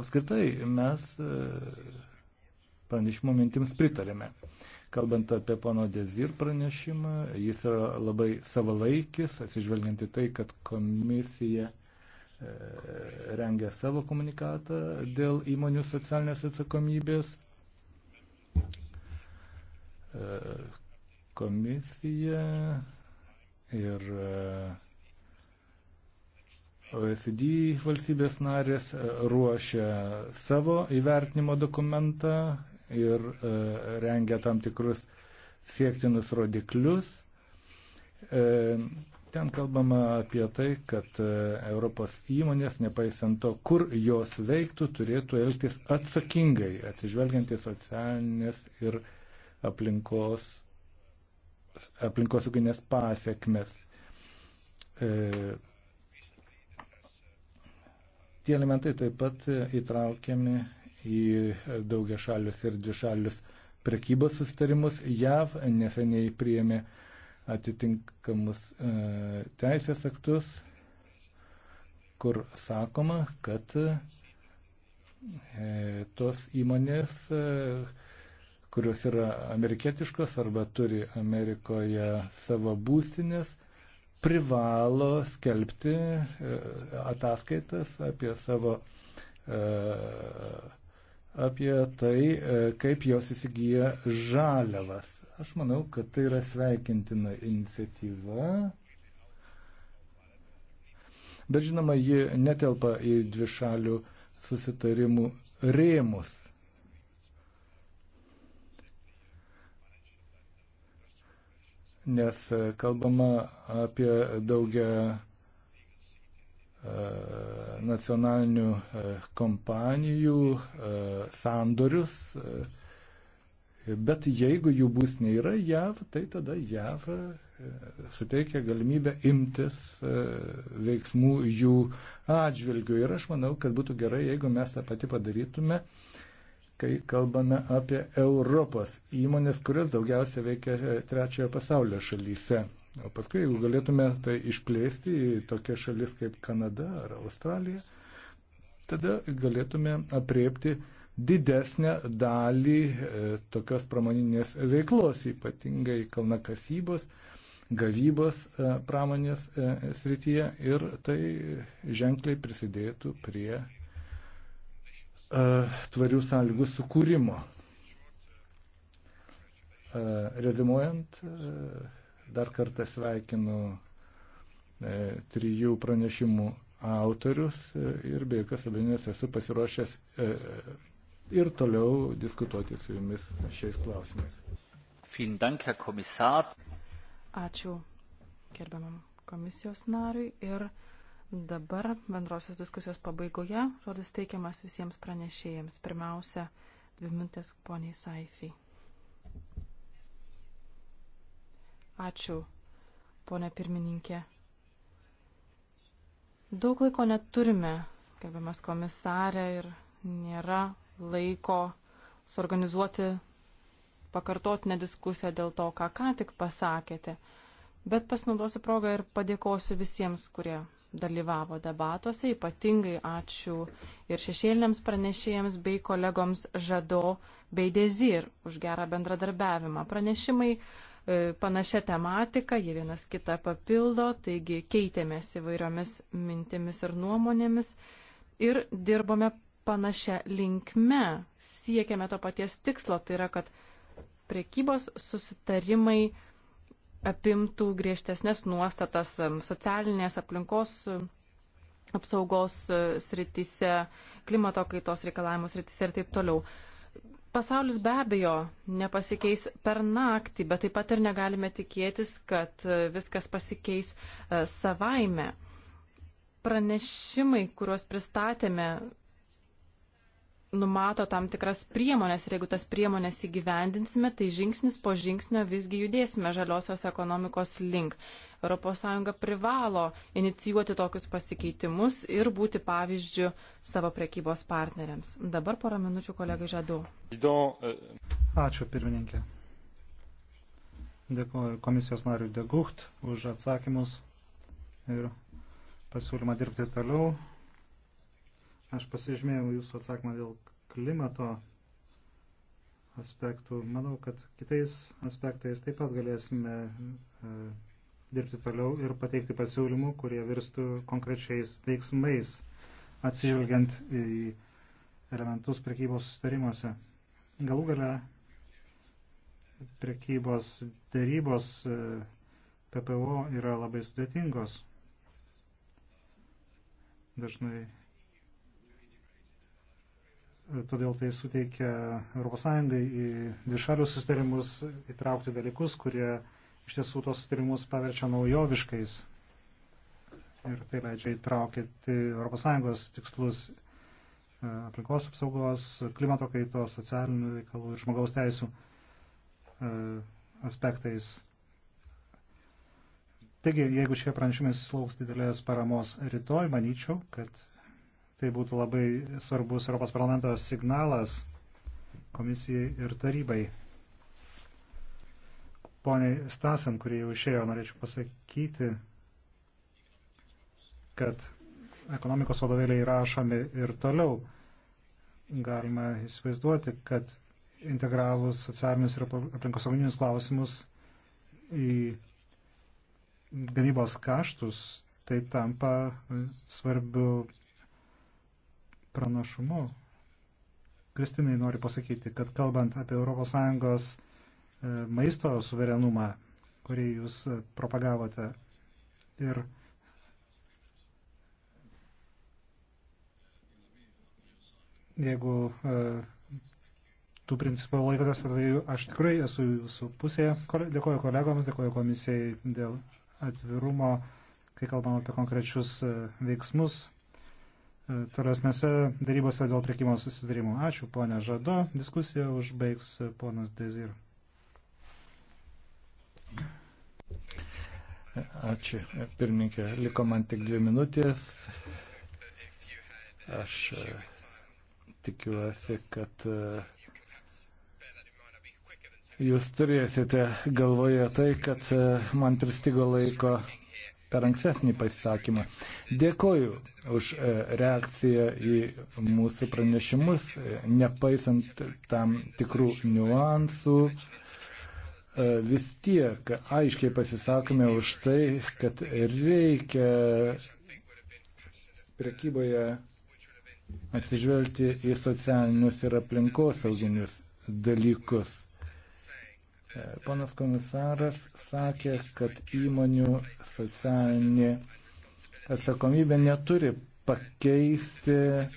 Apskritai mes pranešimo mintims pritarėme. Kalbant apie pono Dezir pranešimą, jis yra labai savalaikis, atsižvelgiant į tai, kad komisija rengia savo komunikatą dėl įmonių socialinės atsakomybės. Komisija ir e, OECD valstybės narės e, ruošia savo įvertinimo dokumentą ir e, rengia tam tikrus siektinus rodiklius Ten kalbama apie tai, kad e, Europos įmonės, nepaisant to, kur jos veiktų, turėtų elgtis atsakingai, atsižvelgiant į socialinės ir aplinkos, aplinkosauginės pasiekmes. E, tie elementai taip pat įtraukiami į daugia šalius ir dvišalius prekybos sustarimus. JAV neseniai priėmė atitinkamus e, teisės aktus, kur sakoma, kad e, tos įmonės, e, kurios yra amerikietiškos arba turi Amerikoje savo būstinės, privalo skelbti ataskaitas apie savo apie tai, kaip jos įsigyja žaliavas. Aš manau, kad tai yra sveikintina iniciatyva. Bet žinoma, ji netelpa į dvišalių susitarimų rėmus. Nes e, kalbama apie daugia e, nacionalinių e, kompanijų sandorius, Bet jeigu jų būsnė yra JAV, tai tada JAV e, suteikia galimybę imtis e, veiksmų jų atžvilgių. Ir aš manau, kad būtų gerai, jeigu mes tą patį padarytume, kai kalbame apie Europos įmonės, kurios daugiausia veikia e, trečiojo pasaulio šalyse. O paskui, jeigu galėtume tai išplėsti į tokias šalis kaip Kanada ar Australija, tada galėtume apriepti uh, didesnę dalį e, tokios pramoninės veiklos, ypatingai kalnakasybos, gavybos e, pramonės e, srityje ir tai ženkliai prisidėtų prie tvarių sąlygų sukūrimo. Rezimuojant, dar kartą sveikinu trijų pranešimų autorius ir be jokios abejonės esu pasiruošęs ir toliau diskutuoti su jumis šiais klausimais. Dank, Ačiū gerbiamam komisijos nariui ir dabar bendrosios diskusijos pabaigoje žodis teikiamas visiems pranešėjams. Pirmiausia, dvi minutės poniai Saifiai. Ačiū, ponė pirmininkė. Daug laiko neturime, gerbiamas komisarė, ir nėra laiko suorganizuoti pakartotinę diskusiją dėl to, ką ką tik pasakėte. Bet pasinaudosiu progą ir padėkosiu visiems, kurie dalyvavo debatuose. Ypatingai ačiū ir šešėliniams pranešėjams bei kolegoms Žado bei Dezir už gerą bendradarbiavimą. Pranešimai e, panašia tematika, jie vienas kitą papildo, taigi keitėmės įvairiomis mintimis ir nuomonėmis ir dirbome panašia linkme siekiame to paties tikslo, tai yra, kad priekybos susitarimai apimtų griežtesnės nuostatas socialinės aplinkos apsaugos e, srityse, klimato kaitos reikalavimus srityse ir taip toliau. Pasaulis be abejo nepasikeis per naktį, bet taip pat ir negalime tikėtis, kad e, viskas pasikeis e, savaime. Pranešimai, kuriuos pristatėme numato tam tikras priemonės ir jeigu tas priemonės įgyvendinsime, tai žingsnis po žingsnio visgi judėsime žaliosios ekonomikos link. ES privalo inicijuoti tokius pasikeitimus ir būti pavyzdžių savo prekybos partneriams. Dabar porą minučių kolegai žadu. Ačiū pirmininkė. Dėkuoju komisijos nariui Degucht už atsakymus ir pasiūlymą dirbti toliau. Aš pasižymėjau jūsų atsakymą dėl klimato aspektų. Manau, kad kitais aspektais taip pat galėsime e, dirbti toliau ir pateikti pasiūlymų, kurie virstų konkrečiais veiksmais, atsižvelgiant į elementus prekybos sustarimuose. Galų gale prekybos darybos e, PPO yra labai sudėtingos. Dažnai todėl tai suteikia ES į dvišalius sustarimus įtraukti dalykus, kurie iš tiesų tos sustarimus paverčia naujoviškais. Ir tai leidžia įtraukti ES tikslus e, aplinkos apsaugos, klimato kaitos, socialinių reikalų ir žmogaus teisų e, aspektais. Taigi, jeigu šie pranešimai susilauks didelės paramos rytoj, manyčiau, kad Tai būtų labai svarbus Europos parlamento signalas komisijai ir tarybai. Poniai Stasen, kurie jau išėjo, norėčiau pasakyti, kad ekonomikos vadovėliai rašomi ir toliau. Galima įsivaizduoti, kad integravus socialinius ir aplinkosauginius klausimus į gamybos kaštus, tai tampa svarbiu pranašumu. Kristinai noriu pasakyti, kad kalbant apie ES e, maisto suverenumą, kurį jūs e, propagavote ir jeigu e, tų principų laikotės, tai aš tikrai esu jūsų pusėje. Dėkoju kolegoms, dėkoju komisijai dėl atvirumo, kai kalbam apie konkrečius veiksmus. E, tolesnėse darybose dėl priekybos susidarimų. Ačiū, ponė Žado. Diskusiją užbaigs e, ponas Dezir. Ačiū, pirmininkė. Liko man tik dvi minutės. Aš e, tikiuosi, kad jūs turėsite galvoje tai, kad man pristigo laiko per ankstesnį pasisakymą. Dėkoju už e, reakciją į mūsų pranešimus, e, nepaisant tam tikrų niuansų. E, vis tiek aiškiai pasisakome už tai, kad reikia prekyboje atsižvelgti į socialinius ir aplinkosauginius dalykus. Ponas komisaras sakė, kad įmonių socialinė atsakomybė neturi pakeisti e,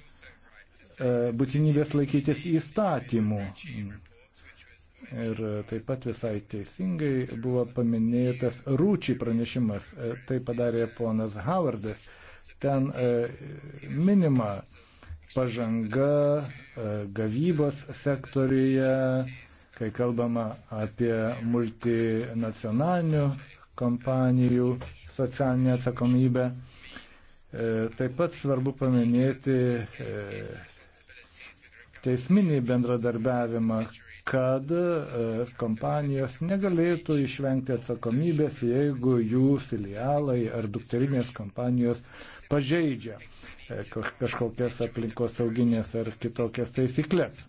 būtinybės laikytis įstatymų. Ir taip pat visai teisingai buvo paminėtas rūčiai pranešimas. E, tai padarė ponas Howardas. Ten e, minima pažanga gavybos sektoriuje, kai kalbama apie multinacionalinių kompanijų socialinę atsakomybę. E, taip pat svarbu paminėti e, teisminį bendradarbiavimą, kad e, kompanijos negalėtų išvengti atsakomybės, jeigu jų filialai ar dukterinės kompanijos pažeidžia kažkokias aplinkos sauginės ar kitokias taisyklės.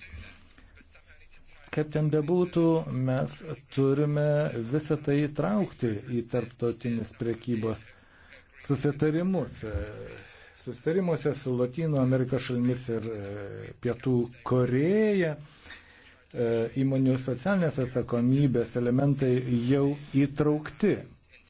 Kaip ten bebūtų, mes turime visą tai įtraukti į tarptautinius prekybos susitarimus. E, susitarimuose su Latino Amerikos šalimis ir e, Pietų Koreja e, įmonių socialinės atsakomybės elementai jau įtraukti.